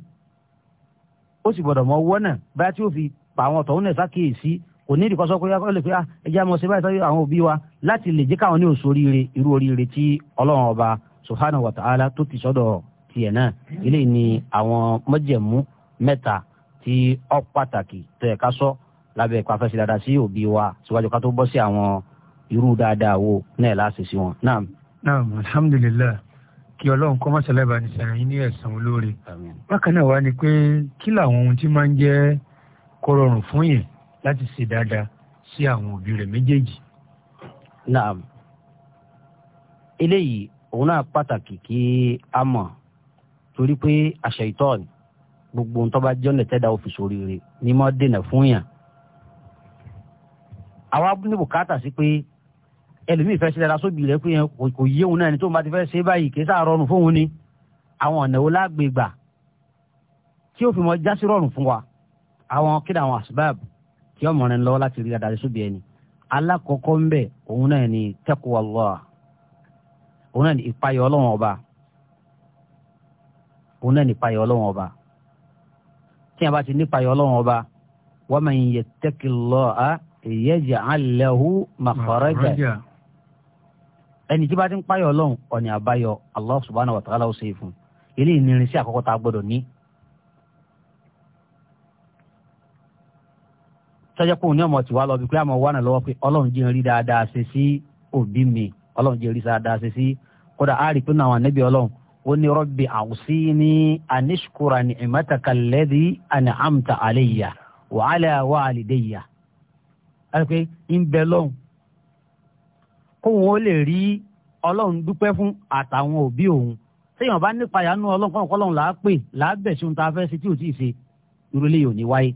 ó sì gbọ́dọ̀ mọ́ wọ́nà báyà tí ó fi pa àwọn ọ̀tọ̀ òun náà kò ní ìdíkọ́sọ́ pé pé ẹjẹ́ ti sọ́dọ̀ ni àwọn mọ́jẹ̀mú mẹ́ta tí ó pàtàkì tó yẹ lábẹ́ ipa fẹ́ ṣe dáadáa sí òbí wa síwájú ká tó bọ́ sí àwọn irú dáadáa wo náà láṣẹ sí wọn. naam naam alhamdulilayi kí ọlọ́run kọ́ mọ́sálẹ́ bá ní sẹ́yìn yín ní ẹ̀sán olóore. bákan náà wá ni pé kí làwọn ohun tí máa ń jẹ́ kó rọrùn fún yín láti ṣe dáadáa sí àwọn òbí rẹ̀ méjèèjì. naam eléyìí òun náà pàtàkì kí a mọ̀ torí pé àṣẹ ìtọ́ ni gbogbo ohun tó bá jẹ́ ọ̀nà tẹ́dá òfin àwa ní bùkátà sí pé ẹlòmíì fẹ́ ṣe dára sóbì rẹ pé kò yé òun náà ni tó ń bá ti fẹ́ ṣe báyìí kì í sàárọ̀rùn fóun ni àwọn ọ̀nà wo lágbègbà tí ó fi mọ jásí rọrùn fún wa àwọn kí ni àwọn asbab tí ọmọ rẹ ń lọ láti rí dáadáa sóbì ẹni alákọ̀ọ́kọ́ ń bẹ̀ òun náà ni taqwallah òun náà ni ìpayọ̀ ọlọ́wọ̀n ọba òun náà ni ìpayọ̀ ọlọ́wọ̀n ọba tí a bá ti nípayọ̀ ọlọ́wọ̀n ọba wa man yattaqillaha yaj'al lahu makhraja ẹni tí bá ti ń páyọ̀ ọlọ́run ọ̀nì àbáyọ allah subhanahu wa ta'ala ó ṣe fún ilé ìnirin sí àkọ́kọ́ tá a gbọ́dọ̀ ní. sọ́jà pé òun ní ọmọ tiwa lọ bí pé àmọ́ wà náà lọ́wọ́ pé ọlọ́run jẹ́ rí dáadáa ṣe sí òbí mi ọlọ́run jẹ́ rí dáadáa ṣe sí kódà á rí pé náà wà ọlọ́run ó ní rabbi awsini anishkura ni'mataka alladhi an'amta alayya wa ala walidayya àti pé ń bẹ lọ́hùn kóun ó lè rí ọlọ́run dúpẹ́ fún àtàwọn òbí òun téèyàn bá nípa ìyanu ọlọ́run kọ́nà kọ́lọ́run là á pè là á bẹ̀ sí ohun tá a fẹ́ ṣe tí ò tí ì ṣe ìrọ̀lẹ́ yìí ò ní wáyé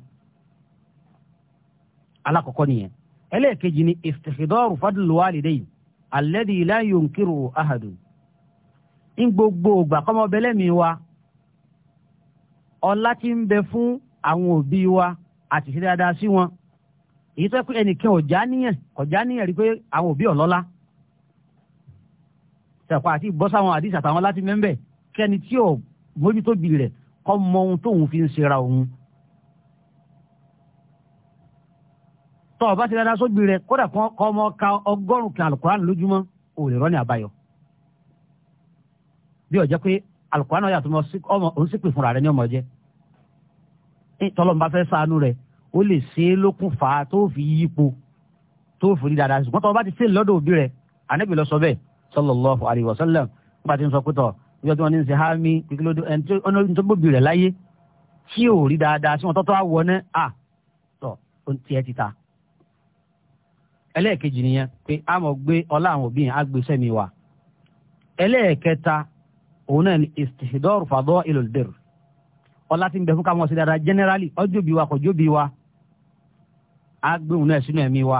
alákọ̀ọ́kọ́ nìyẹn ẹlẹ́ẹ̀kejì ni ìfìdọ́rù fadlu walidayn alladhi la yunkiru ahadun ń gbogbo ògbà kọ́mọ bẹ́lẹ́mi wa ọlá tí ń bẹ fún àwọn òbí wa àti dáadáa sí wọn èyí tó pé ẹnìkan ọ̀já níyàn ọ̀já níyàn rí pé àwọn òbí ọ̀lọ́lá ṣàpá àti bọ́sáwọn àdìs àtàwọn láti mẹ́ńbẹ̀ kẹ́ni tí ò mójútó bì rẹ̀ kọ́ mọ ohun tóun fi ń ṣera òun. tọ́ ọ bá ti dáadáa sóbì rẹ̀ kódà kọ́ ọmọ ka ọgọ́rùn-ún kan alukur'an lójúmọ́ ò lè rọ́ọ̀nì àbáyọ. bí ọ̀jẹ́ pé alukur'an náà yàtọ̀ ọmọ òun sì pè fúnra rẹ̀ ní ọmọ jẹ́ tọ́lọ́mùbá fẹ́ ṣàánú rẹ̀ ó lè ṣe é lókùnfà tó fi yípo tó fi rí dáadáa ṣùgbọ́n tó bá ti ṣe lọ́dọ̀ òbí rẹ̀ ànábì lọ sọ bẹ́ẹ̀ sallallahu alayhi wa sallam nígbà tí ń sọ pẹ́tọ̀ nígbà tí wọ́n ní ń ṣe hámi kíkílódé ẹni tó gbòbí rẹ̀ láyé tí ò rí dáadáa tí wọ́n tọ́tọ́ á wọ à tọ̀ ó ti ẹ́ ti ta. ẹlẹ́ẹ̀kejì nìyẹn pé a mọ̀ gbé ọlá àwọn òbí yẹn á gbé sẹ́mi wa. ẹlẹ́ẹ̀kẹta òun náà ni istihdor fadọ́ ilolder ọlá ti ń bẹ fún káwọn ṣe dáadáa generally ọjọ́ bí wa kò jó bí wa á gbé òun náà sínú ẹ̀mí wa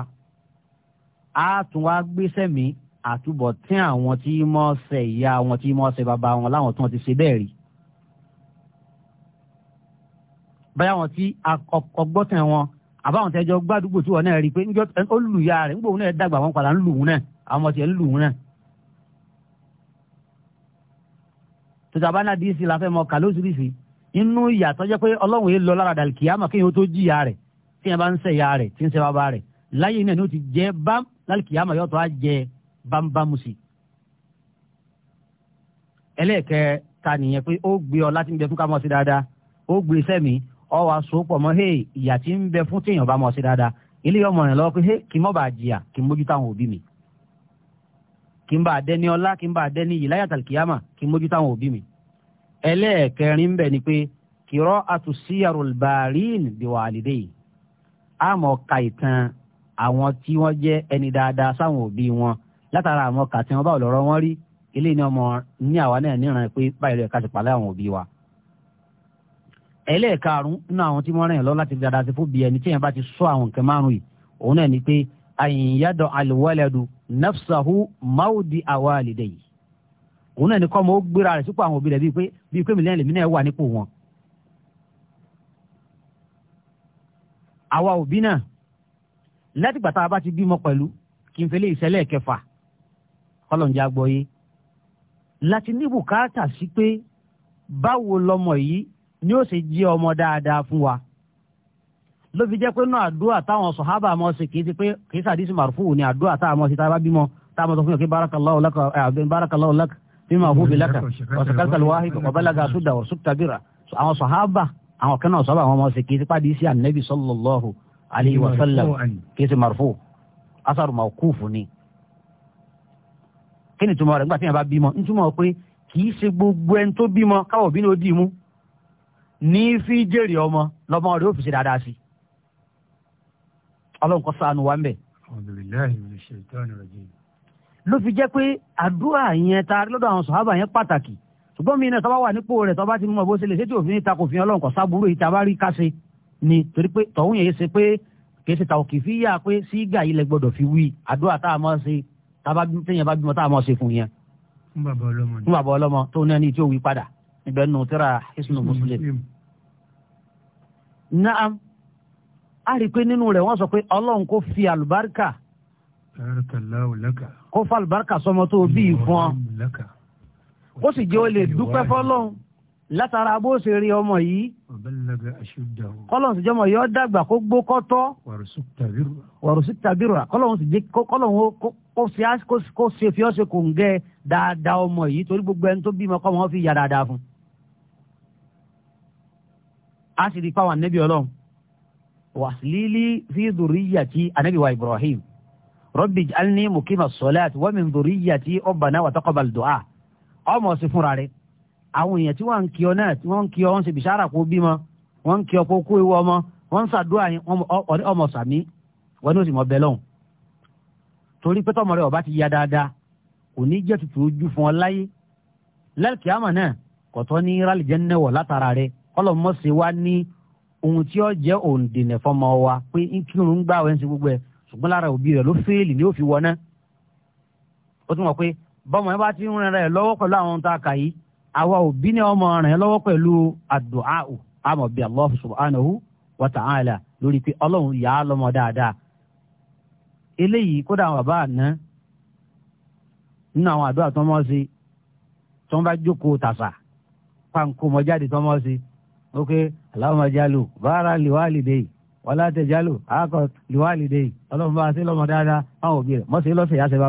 á tún wá gbé sẹ́mi àtúbọ̀ tí àwọn tí mọ́ ṣe ìyá wọn tí mọ́ ṣe bàbá wọn láwọn tí wọ́n ti ṣe bẹ́ẹ̀ rí. báyà wọn tí ọgbọ́tàn wọn àbáwọn tẹjọ gbàdúgbò tí wọn náà rí i pé níjọ ó lù ya rẹ̀ nígbà òun náà dàgbà wọn padà ń lù òun náà àwọn ọmọ ń lù òun náà. tòtàbá náà díìsì la fẹ́ mọ kàlóṣìṣì inú ìyàtọ̀ jẹ́ pé ọlọ́run yìí lọ lára dàlùkìyàmọ̀ kéèyàn tó jìyà rẹ̀ tí yẹn bá ń ṣe ìyá rẹ̀ tí ń ṣe bàbá rẹ̀ láyé náà ni ó ti jẹ́ bám lálùkìyàmọ̀ yọ̀tọ̀ á jẹ bámbámusì. ẹlẹ́ẹ̀kẹ́ ta nìyẹn pé ó gbé ọ láti ń bẹ fún ká sí dáadáa ó gbé iṣẹ́ e ọ wá so pọ̀ mọ́ hey ìyà tí ń bẹ fún téèyàn bá mọ̀ sí dáadáa ilé ọmọ rẹ̀ lọ́wọ́ pé hey kì í mọ̀ bá jìyà kì í mójú táwọn òbí mi kì í bá a dẹ́ni ọlá kì í bá a dẹ́ni yìí láyà tàlùkìyàmà kì í mójú táwọn òbí mi ẹlẹ́ẹ̀kẹrin ń bẹ ni pé kìrọ́ àtúnṣíyàrò bàárìn bí wàá lédè yìí àmọ́ ka ìtàn àwọn tí wọ́n jẹ́ ẹni dáadáa sáwọn òbí wọn látara àwọn kà tí wọ́n bá lọ́rọ̀ wọn rí eléyìí ni ọmọ ní àwa náà níran pé báyìí lóye ká ti pàlẹ́ àwọn òbí wa. ẹlẹ́ẹ̀karùn nínú àwọn tí wọ́n rìn lọ láti dáadáa sí fún bí ẹni tí yẹn bá ti sọ àwọn nǹkan márùn yìí òun náà ni pé àyìnyádọ̀ àlùwálẹ́dù nafsahu máwùdí àwa àlìdẹ́yìí òun náà ni kọ́ mọ́ ó gbéra rẹ̀ sípò àwọn òbí rẹ̀ bíi pé bíi pé mílíọ̀nù lèmi wà nípò wọn àwa òbí náà látìgbà tá a bá ti bímọ pẹ̀lú kí n fẹ́lẹ́ ìṣẹ̀lẹ̀ kẹfà kọlọ̀njà gbọ́yé láti ní bùkátà sí pé báwo lọmọ yìí ni ó sì jẹ́ ọmọ dáadáa fún wa ló fi jẹ́ pé náà àdúrà táwọn sọ̀hábà mọ̀ sí kì ti pé kì í sàdísì màrúfù ni àdúrà táwọn mọ̀ sí tá a bá bímọ táwọn sọ fún yàn pé bárakàláwò lákà bárakàláwò lákà bímọ àhúbi lákà ọ̀sẹ̀kálkàlù wáhì ọ̀bẹ́lága súdà àwọn kan náà sọ́bà àwọn ọmọ ṣe kì í ti pàdé sí ànẹ́bí sallallahu alayhi wa sallam kì í ti marfu asaru mawkufu ni kí ni túmọ̀ rẹ̀ nígbà tí yẹn bá bímọ nítumọ̀ pé kì í ṣe gbogbo ẹni tó bímọ káwọ̀ òbí ni ó dì ní fi jèrè ọmọ lọ́mọ rẹ̀ ó dáadáa sí ọlọ́run kọ́ ṣàánú wa ń bẹ̀. ló fi jẹ́ pé àdúrà yẹn ta lọ́dọ̀ àwọn sàhábà yẹn pàtàkì ṣùgbọ́n mi náà tọ́ba wà nípò rẹ̀ tọ́ba ti mọ̀ bó ṣe lè ṣe tí òfin ta kò fi ọlọ́run kọ́ sábúrú yìí tàbá rí káṣe ni torí pé tọ̀hún yẹn ṣe pé kì í ṣe tàwọn kì í fi yà pé sígà yìí lẹ gbọdọ̀ fi wí àdúrà tá a mọ̀ ṣe tàbá téèyàn bá bímọ tá a mọ̀ ṣe fún yẹn. fún bàbá ọlọ́mọ tó náà ní tí ó wí padà ibẹ̀ nù tíra hisnu muslim. naam a rí pé nínú rẹ̀ wọ́n sọ pé ọlọ́run kò fi àlùbáríkà. kó fa àlùbáríkà sọmọ tó bí ì ọ kó sì jẹ́ ó lè dúpẹ́ fọ́lọ́run látara bó ṣe rí ọmọ yìí kọ́lọ́n sì jọmọ yóò dàgbà kó gbó kọ́tọ́ wàrùsí tàbírà kọ́lọ́n sì jẹ́ kọ́lọ́n kó ṣe fi ọ́ ṣe kò ń gẹ́ dáadáa ọmọ yìí torí gbogbo ẹni tó bímọ kọ́ wọn fi yà dáadáa fún. a sì rí pàwọn ànábì ọlọ́run wàsílílì fi dhurriyyati ànábì wa ibrahim rabbi ij'alni muqima as-salati wa min dhurriyyati rabbana wa taqabbal du'a ọmọ sí fúnra rẹ̀ àwọn èèyàn tí wọ́n ń kí ọ náà tí wọ́n ń kí ọ wọ́n ń ṣe bìsára kó bímọ wọ́n ń kí ọ kó kó ewu ọmọ wọ́n ń ṣàdúrà yín ọmọ sàmí wọ́n ní ó sì mọ bẹ́ẹ̀ lọ́hùn torí pé tọmọ rẹ ọba ti ya dáadáa kò ní jẹ́ tutù ojú fún ọ láyé lẹ́ẹ̀kì àmọ̀ náà kọ̀tọ́ ní rálìjẹ́ nẹ́wọ̀ látara rẹ ọlọ́mọ ṣe wá ní ohun tí ó jẹ́ òǹdènà fọmọ wa pé ń kírun ń gbà wẹ́ńsì gbogbo ẹ̀ ṣùgbọ́n lára òbí rẹ̀ ló fẹ́ẹ̀lì ni ó wọná ó tún wọ̀ pé bọ́mọ ẹbá bá ti ń rìn rẹ̀ lọ́wọ́ pẹ̀lú àwọn ohun tá a kà yìí àwa òbí ọmọ rìn lọ́wọ́ pẹ̀lú àdúà àmọ̀ bíi Allah subhanahu wa ta'ala lórí pé ọlọ́run yà á lọ́mọ dáadáa eléyìí kódà àwọn bàbá àná nínú àwọn àdúrà tó mọ́ sí tó ń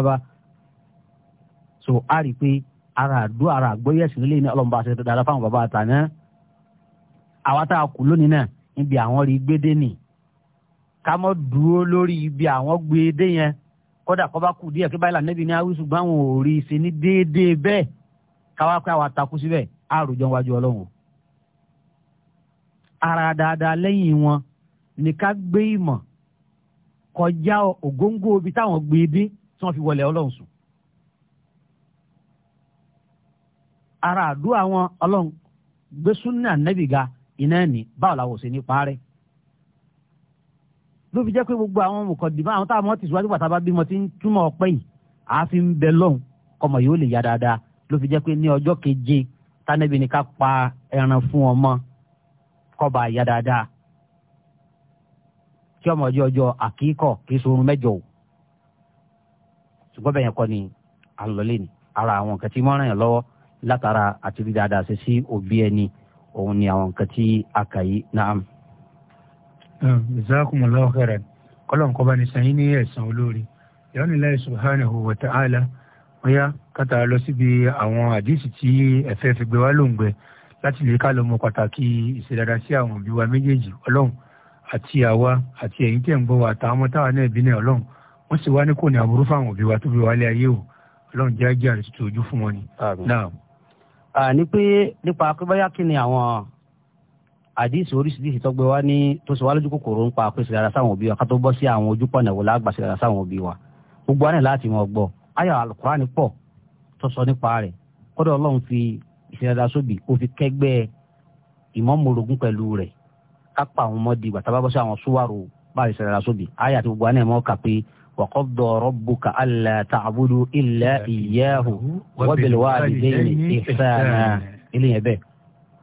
bá so a rí i pé ara àdó ara àgbóyẹ̀sìn lé ní ọlọ́mọba àti ẹ̀dọ́ dáadáa fáwọn bàbá àtàná àwa tá a kù lónìí náà níbi àwọn rí gbédé nì ká mọ́ dúró lórí ibi àwọn gbédé yẹn kódà kọ́ bá kù díẹ̀ kí báyìí lànàbí ní awísù gbọ́n àwọn ò rí i ṣe ní déédéé bẹ́ẹ̀ káwá pé àwa takú síbẹ̀ àròjọ wájú ọlọ́run ara dáadáa lẹ́yìn wọn ní ká gbé ìmọ̀ kọjá ògóńgó ibi táwọn gbé dé tí wọ́n fi wọlé ọlọ́run sùn ara àdúrà wọn ọlọ́run gbé súnà nẹ́bì ga iná ní báwo làwọn ò ṣe ní parẹ́ ló fi jẹ́ pé gbogbo àwọn mùkọ̀dìmọ́ àwọn táwọn ti síwájú pàtàkì bímọ ti ń túmọ̀ ọpẹ́ yìí àáfin bẹ lọ́hùn kọmọ yóò lè ya dáadáa ló fi jẹ́ pé ní ọjọ́ keje tánẹ́bì ni ká pa ẹran fún ọmọ kọba ya dáadáa kí ọmọ ọjọ́ ọjọ́ àkíkọ̀ kì í sorun mẹ́jọ o ṣùgbọ́n bẹ́ẹ̀ yẹn kọ́ ni àlọ́lé ni ara àwọn nǹkan tí mọ́ràn yẹn lọ́wọ́ látara àti rí dáadáa ṣe sí òbí ẹni òun ni àwọn nǹkan tí a kà yí náà. jazakumullahu khairan kọ́lọ́n kọ́ba ní sanyí ní ẹ̀sán olórí ìyọ́nìláì subhanahu wa ta'ala ọ̀yá kátà lọ síbi àwọn àdìsí tí ẹ̀fẹ́ fi gbé wá lóǹgbẹ láti lè ká lọ mọ pàtàkì ìṣèdára sí àwọn òbí wa méjèèjì ọlọ́run àti àwa àti ẹ̀yin tẹ̀ ń bọ̀ wá àtàwọn ọmọ táwa náà bí náà ọlọ́run wọ́n sì wá ní kò ní aburú fáwọn òbí wa tó fi wálé ayé o ọlọ́run jẹ́ ajé àrètútù ojú fún wọn ni ní pé nípa pé báyà kí ni àwọn àdísì oríṣiríṣi tọgbẹ wa ní tó ṣe wá lójú kòkòrò ń pa pé ṣe dára sáwọn òbí wa ká tó bọ́ sí àwọn ojúpọ̀nà wo lágbà ṣe dára sáwọn òbí wa gbogbo wa ní láti mọ̀ gbọ́ àyà alukurani pọ̀ tó sọ nípa rẹ̀ kọ́dọ̀ ọlọ́run fi ìṣẹ̀dá sóbì ó fi kẹ́gbẹ́ ìmọ̀mọ̀rògùn pẹ̀lú rẹ̀ ká pa àwọn ọmọdé ìgbà tá a bá bọ́ sí àwọn súwárò bá ìṣẹ̀dá sóbì àyà àti gbogbo wa náà mọ̀ kà pé وقضى ربك ألا تعبدوا إلا إياه وبالوالدين إحسانا إليه به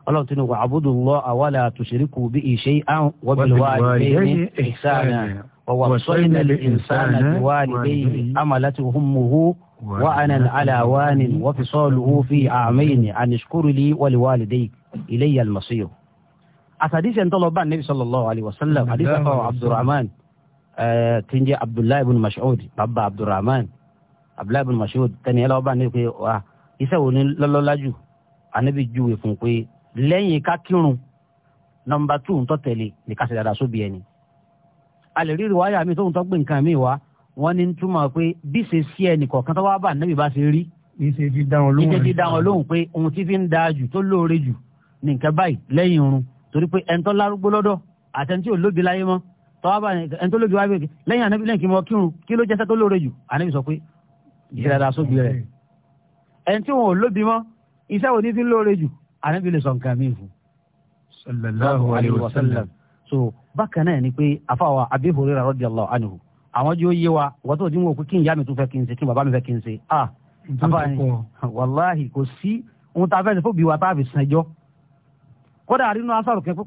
الله تنو وعبدوا الله ولا تشركوا به شيئا وبالوالدين إحسانا ووصينا الإنسان بوالديه أملته أمه وأنا على وان وفصاله في عامين أن اشكر لي ولوالديك إلي المصير أحاديث أن طلب النبي صلى الله عليه وسلم حديث عبد الرحمن Eh, tí ń jẹ́ abdullahi ibn mas'ud bàbá abdulrahman abdullahi ibn mas'ud tẹni ẹ lọ́wọ́ bá ní wa iṣẹ́ wo ni lọ́lọ́lájú anabi juwe fún pé lẹ́yìn ká kírun nọmba tù ń tọ́ tẹ̀lé ní ká ṣe dáadáa sóbi ẹni. a lè rí ìwáyà mi tó ń tọ́ gbé nǹkan mi wá wọ́n ní túmọ̀ pé bí ṣe sí ẹnì kọ̀ọ̀kan tó wá bá anabi bá ṣe rí. ìṣe ti dá wọn lóhùn ìṣe ti dá wọn lóhùn pé ohun tí fi ń da jù tó lóore jù ní nǹkan báyìí lẹ́yìn irun torí pé ẹni lárúgbó lọ́dọ̀ àtẹni ò lóbi láyé mọ́ tọ́wábà ẹni tó lójú wá bèèrè lẹ́yìn ànábì lẹ́yìn kí mo kírun kí ló jẹ́sẹ́ tó lóore jù ànábì sọ pé ìṣẹ̀dá sóbi rẹ̀ ẹni tí wọn ò lóbi mọ́ iṣẹ́ wo ní ti lóore jù ànábì lè sọ nǹkan mí fún. sallallahu alayhi wa sallam. so bákan náà ni pé afáwa Abi Hurairah radiyallahu anhu àwọn jẹ́ oyé wa wọ́n tó dín wọ́n pé kí n yá mi tún fẹ́ kí n ṣe kí n bàbá mi fẹ́ kí n ṣe ah wàláhì kò sí ohun tá a fẹ́ ṣe fóbi wa tá a fi sàn ẹjọ́ kódà nínú asọ̀rọ̀ kẹ́kọ́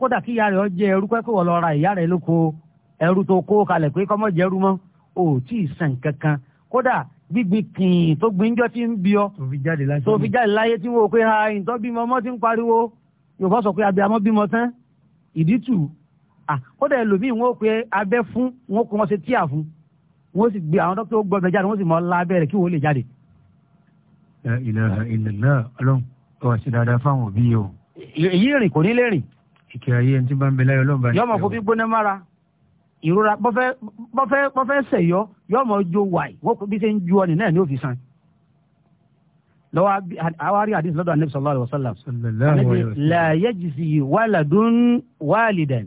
kódà ẹrú tó kó kalẹ̀ pé kọ́mọ jẹ́rú mọ́ ò tí ì san kankan kódà gbígbin kìnyìn tó gbinjọ́ ti ń bí ọ tó fi jáde láyé tí wọ́n pé ha ìtọ́ bímọ ọmọ ti ń pariwo Yorùbá sọ pé abiyamọ bímọ tán ìdí tù kódà ẹlòmíì wọ́n pé abẹ́ fún wọ́n kó wọn ṣe tíà fún wọ́n sì gbé àwọn dókítà ó gbọ́dọ̀ jáde wọ́n sì mọ ọlá abẹ́rẹ́ kí wọ́n lè jáde. La ilaha ọlọ́run ọ̀rọ̀ dáadáa fáwọn òbí yìí o. èyí rìn kò ní lè rìn. ìkẹ́ ayé ẹni tí bá ń bẹ láyọ̀ ọlọ́run bá ń ìrora bọ́fẹ́ sẹ̀yọ́ yọ́ mọ̀ jó wàì wọ́n bí ṣe ń ju ọ̀nì náà ní òfin san. lọ́wọ́ àwárí àdìs lọ́dọ̀ anabi sallallahu alaihi wasallam. la yajzi waladun walidan.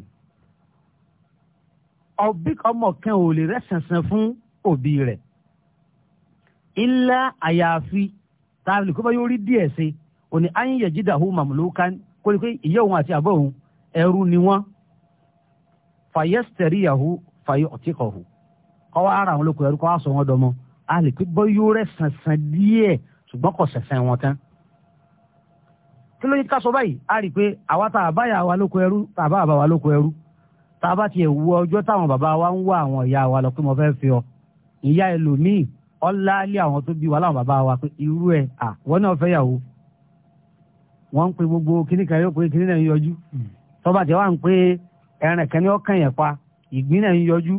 ọ̀bí ọmọ kan ò lè rẹ́sànsán fún òbí rẹ̀. illa àyàfi tàbí kó bá yóò rí díẹ̀ sí òní an yajidahu mamlukan kó ní pé ìyá òun àti àbọ̀ òun ẹrú ni wọ́n fàyẹ́sítẹ̀ríyàwó fàyẹ́ ọ̀tíkọ̀hù kọ́wọ́ ara àwọn olóko ẹrú kọ́wọ́ sọ wọn dọmọ a lè pé bọ́ yóò rẹ̀ sànsàn díẹ̀ ṣùgbọ́n kò sẹ̀sẹ̀ wọn tán. kí ló yí ká sọ báyìí a rí i pé àwa tá a bá yà wá lóko ẹrú tá a bá bá wá lóko ẹrú tá a bá tiẹ̀ wú ọjọ́ táwọn bàbá wa ń wá àwọn ìyá wa lọ pé mo fẹ́ fi ọ ìyá ẹlòmíì ọláálé àwọn tó bí wa láwọn bàbá wa pé irú ẹ à wọn náà fẹ́ yàwó wọ́n ń pe gbogbo kíníkà yóò pé kíníkà yóò yọjú hmm. tọ́ba tí wọ́n ń pe ẹran kan ní ọkàn yẹn pa ìgbín náà ń yọjú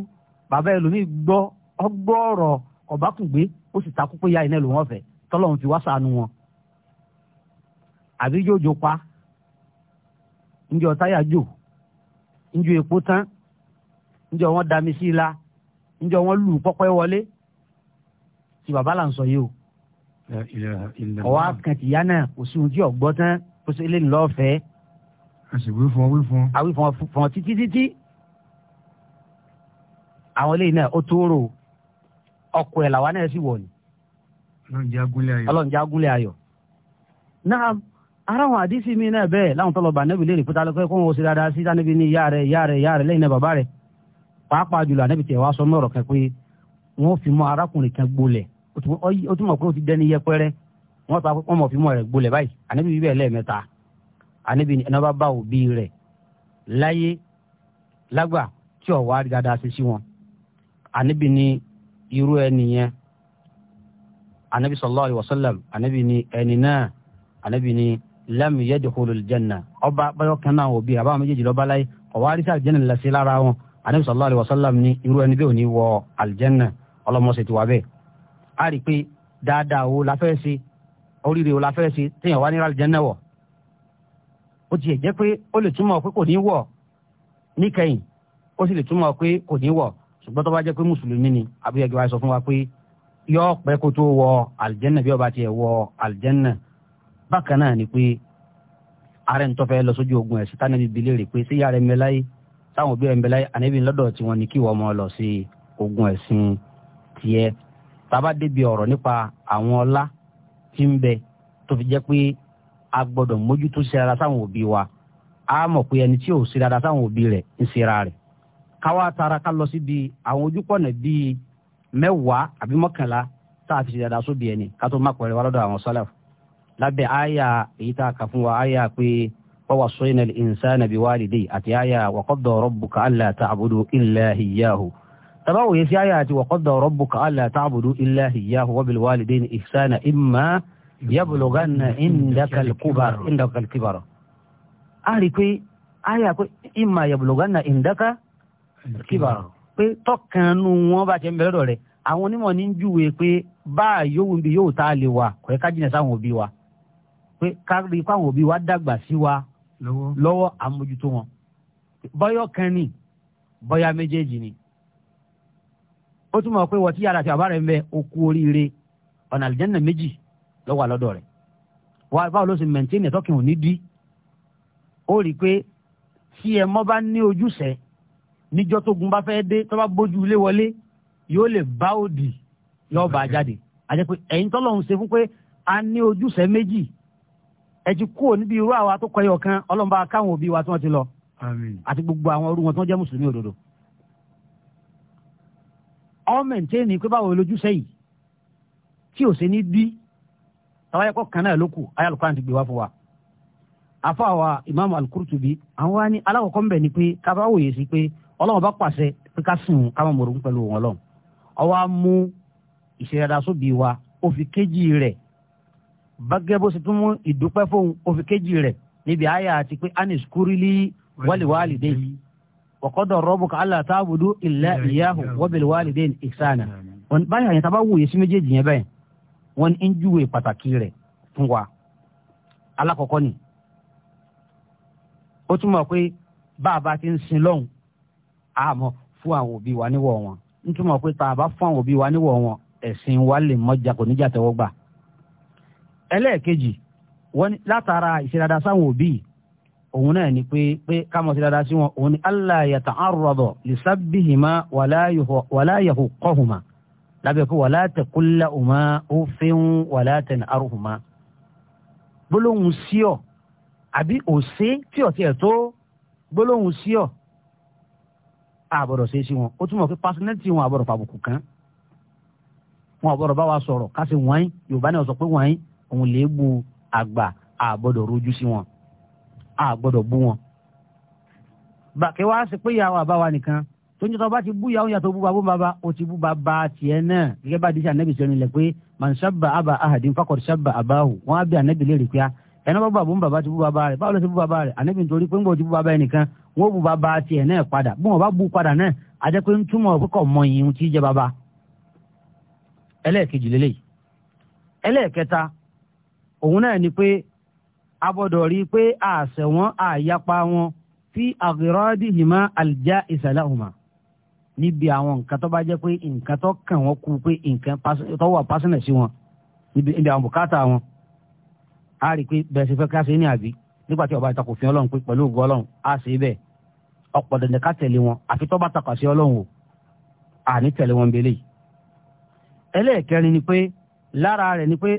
bàbá ẹlòmíì gbọ́ ọgbọ́ọ̀rọ̀ ọ̀bákùngbé ó sì takú pé ya iná ló wọ́n fẹ́ tọ́lọ́run fi wá sànù wọn. àbí jòjò pa ǹjọ́ táyà jò ǹjọ́ epo tán ǹjọ́ wọn dami sí i la ǹjọ́ wọn lù pọ́pẹ́ wọlé tí bàbá là ń sọ yìí o. ọwọ́ akẹ́tìyá náà kò sí ohun tí ọ̀gbọ́ tán kó sí eléyìí lọ́ọ́ a sì wí fún wí fún. a wí fún ọ títí títí àwọn eléyìí náà ó tóóró ọkọ ẹ̀ làwa náà sì wọ̀ ni. ọlọ́run jẹ́ agúnlẹ̀ ayọ̀. náà ara àwọn àdísí mi náà bẹ́ẹ̀ láwọn tọ́lọ̀ bá nẹ́bí léèrè pété alẹ́kọ́ kó wọn ó ṣe dáadáa sí sánẹ́bí ní ìyá rẹ̀ ìyá rẹ̀ ìyá rẹ̀ lẹ́yìn náà bàbá rẹ̀ pàápàá jùlọ ànẹ́bí tẹ̀ wá sọ mọ́rọ̀ kan pé wọ́n fi mọ́ arákùnrin kan gbolẹ̀ ó túmọ̀ pé ó ti dẹni yẹpẹrẹ wọ́n mọ̀ fi mọ́ rẹ̀ gbolẹ̀ báyìí ànẹ́bí bíbẹ̀ lẹ́ẹ̀mẹ́ta àníbi ẹni bá bá òbí rẹ̀ láyé lágbà tí ò wá rí dáadáa sí sí wọn àníbi ni irú ẹni yẹn àníbi sallallahu alaihi wasallam àníbi ni ẹni náà àníbi ni lam yadkhulul janna ọba báyọ̀ kan náà òbí àbáwọn méjèèjì lọ́ba láyé kò wá rí sí àlìjẹ́nà lẹ́sẹ̀ lára wọn àníbi sallallahu alaihi wasallam ni irú ẹni bẹ́ẹ̀ ò ní wọ àlìjẹ́nà ọlọ́mọṣẹ́ ti wà bẹ́ẹ̀ a rí i pé dáadáa wo la fẹ́ wo la fẹ́ ṣe téèyàn wá ní àlìjẹ́nà ó ti jẹ́ pé ó lè túmọ̀ pé kò ní wọ̀ níkẹyìn ó sì lè túmọ̀ pé kò ní wọ̀ ṣùgbọ́n tó bá jẹ́ pé mùsùlùmí ni abúyẹ́gbẹ́ wa sọ fún wa pé yọ pẹ́ kó tó wọ àlìjẹ́nà bí ó bá tiẹ̀ wọ àlìjẹ́nà bákan náà ni pé ààrẹ nítorí fẹ́ lọ sójú ogun ẹ̀ sí tánàbí bilẹ̀ rè pé sí yàrá ẹ̀mẹ́ táwọn òbí ẹ̀mẹ́ láyé ànábì lọ́dọ̀ tí wọ́n ní kí wọ́n mọ́ lọ sí ogun ẹ̀sìn tiẹ̀ tá ọ̀rọ̀ nípa àwọn ọlá tí ń bẹ tó fi jẹ́ pé a gbọ́dọ̀ mójútó ṣe dáadáa sáwọn òbí wa a mọ̀ pé ẹni tí ò ṣe dáadáa sáwọn òbí rẹ̀ ń ṣera rẹ̀ káwá tara ká lọ síbi àwọn ojúpọ̀nà bíi mẹ́wàá àbí mọ́kànlá tá a ti ṣe sóbi ẹni ká tó má pẹ̀rẹ̀ wá lọ́dọ̀ àwọn sálàf lábẹ́ àyà èyí tá a kà fún wa àyà pé wọ́wọ́ sọ́yìn náà ìnsánà bí wàlídé àti àyà wàkọ́dọ̀ rabbuka alla ta'budu illa iyyahu tabawo yẹ sí àyà àti wàkọ́dọ̀ rabbuka alla ta'budu illa iyyahu wa bil wàlídé ihsana imma yabuluganna indakal kubar indakal kibar a rí pé àyà pé ìmà indaka kibar Pe tọkànnú wọn ba ti ń bẹ̀rẹ̀ rẹ̀ àwọn onímọ̀ ní júwe pé báà yóò ń bi yóò tá a lè wà kò yẹ ká jìnnà sáwọn òbí wa pé ká rí i fáwọn òbí wa dàgbà sí wa lọ́wọ́ àmójútó wọn bọ́yọ̀ kan ní bọ́yá méjèèjì ni ó túmọ̀ pé wọ́n ti yára ti àbá rẹ̀ ń bẹ okú oríire ọ̀nà lọ́wọ́ àlọ́dọ̀ rẹ̀ wá báwo ló ṣe mẹ̀ntẹ́nì ẹ̀tọ́ kìí ò ní dí ó rí i pé tí ẹ mọ́ bá ní ojúṣe níjọ́ tógun bá fẹ́ dé tó bá bójú ilé wọlé yóò lè bá òdì yóò bá a jáde àti pé ẹ̀yin tọ́lọ̀ ń ṣe fún pé a ní ojúṣe méjì ẹ ti kúrò níbi irú àwa tó kọyọ kan ọlọ́mọba káwọn òbí wa tí wọ́n ti lọ àti gbogbo àwọn orú wọn tí wọ́n jẹ́ mùsùlùmí òdodo. ọ mẹ̀ntẹ́nì pé báwo lójúṣe yìí tí ò ṣe ní bí àwọn ẹ̀kọ́ kana náà ló kù ayé alukur'an ti wa afa wa imam al-Qurtubi àwọn wa ni alákọ̀ọ́kọ́ ń bẹ̀ ni pé kaba wòye sí pé ọlọ́run bá pàṣẹ pé ká sùn ká máa mọ̀rún pẹ̀lú wọn lọ ọwọ́ á mú ìṣẹ̀dásóbì wa ó fi kéjì rẹ̀ bágẹ́ bó ṣe tún mú ìdúpẹ́ fóun ó fi kéjì rẹ̀ níbi àyà àti pé anis kúrílì wàlíwàlì dé yìí ọ̀kọ́dọ̀ rọ́bùkà aláàtàbùdú ilẹ̀ ìyáhùn wọ́bìlì wàlì dé ìsànà báyà yẹn tá wọ́n ń júwe pàtàkì rẹ̀ fún wa alákọ̀ọ́kọ́ ni ó túmọ̀ pé bá a bá ti ń sin lọ́hùn àmọ́ fún àwọn òbí wa níwọ̀ wọn ń túmọ̀ pé tá a bá fún àwọn òbí wa níwọ̀ wọn ẹ̀sìn wa lè mọ́jà kò níjà tẹ́wọ́ gbà ẹlẹ́ẹ̀kejì wọ́n ní látara ìṣẹ̀dáda sáwọn òbí òun náà ni pé pé ká mọ̀ ìṣẹ̀dáda sí wọn òun ni allah yata arọ̀dọ̀ lè sábìhìmá wàláyàhùkọ́hùmá lábẹ́ pé wàlá tẹ kúlẹ̀ ọ̀ma ó fẹ́ ń wàlá tẹ ní arúgbó gbólóhùn sí ọ àbí òsè tí ọ̀tí ẹ̀ tó gbólóhùn sí ọ àbọ̀dọ̀ ṣe é sí wọn ó túmọ̀ pé pásínẹ́tì wọn àbọ̀dọ̀ pàbùkù kan wọn àbọ̀dọ̀ bá wa sọ̀rọ̀ káṣí wọ́n yorùbá náà sọ pé wọ́n òun lè bu àgbà àbọ̀dọ̀ rojú sí wọn àbọ̀dọ̀ bú wọn. bàkẹ́ wá sí pé ìyàwó àbáwa nìkan tóyún tó bá ti bú yàwó yàtọ̀ bú bàbá bàbá o ti bú bàbá tiẹ̀ náà gẹ́gẹ́ bá dísà nẹ́bí sẹ́ni lẹ̀ pé man sábà àbà ahadin fakọ̀rọ̀ sábà àbáhù wọ́n á bí ànẹ́bí lè rí pé ah, ẹ̀nà bá bàbá bàbá ti bú bàbá rẹ̀ báwo ló ti bú bàbá rẹ̀ ànẹ́bí nítorí pé ń bọ̀ ti bú bàbá ẹnìkan wọ́n bú bàbá tiẹ̀ náà padà bí wọ́n bú padà náà a jẹ́ pé ń túmọ̀ pé mọ ìyún tí jẹ́ bàbá. ẹlẹ́ẹ̀kejì fi àgìrọ́dìhìmá àlìjá ìsàlẹ̀ ọ̀hùnmá níbi àwọn nǹkan tó bá jẹ́ pé nǹkan tó kàn wọ́n kú pé nǹkan tó wà pásínà sí wọn níbi àwọn bùkátà wọn a rí i pé bẹ́ẹ̀ ṣe fẹ́ ká ṣe ní àbí nígbà tí ọba ìtakò fi ọlọ́run pé pẹ̀lú ògùn ọlọ́run á ṣe é bẹ́ẹ̀ ọ̀pọ̀ dandan ká tẹ̀lé wọn àfi tó bá takò sí ọlọ́run o àní tẹ̀lé wọn bẹ́lẹ̀ ẹlẹ́ẹ̀kẹrin ni pé lára rẹ̀ ni pé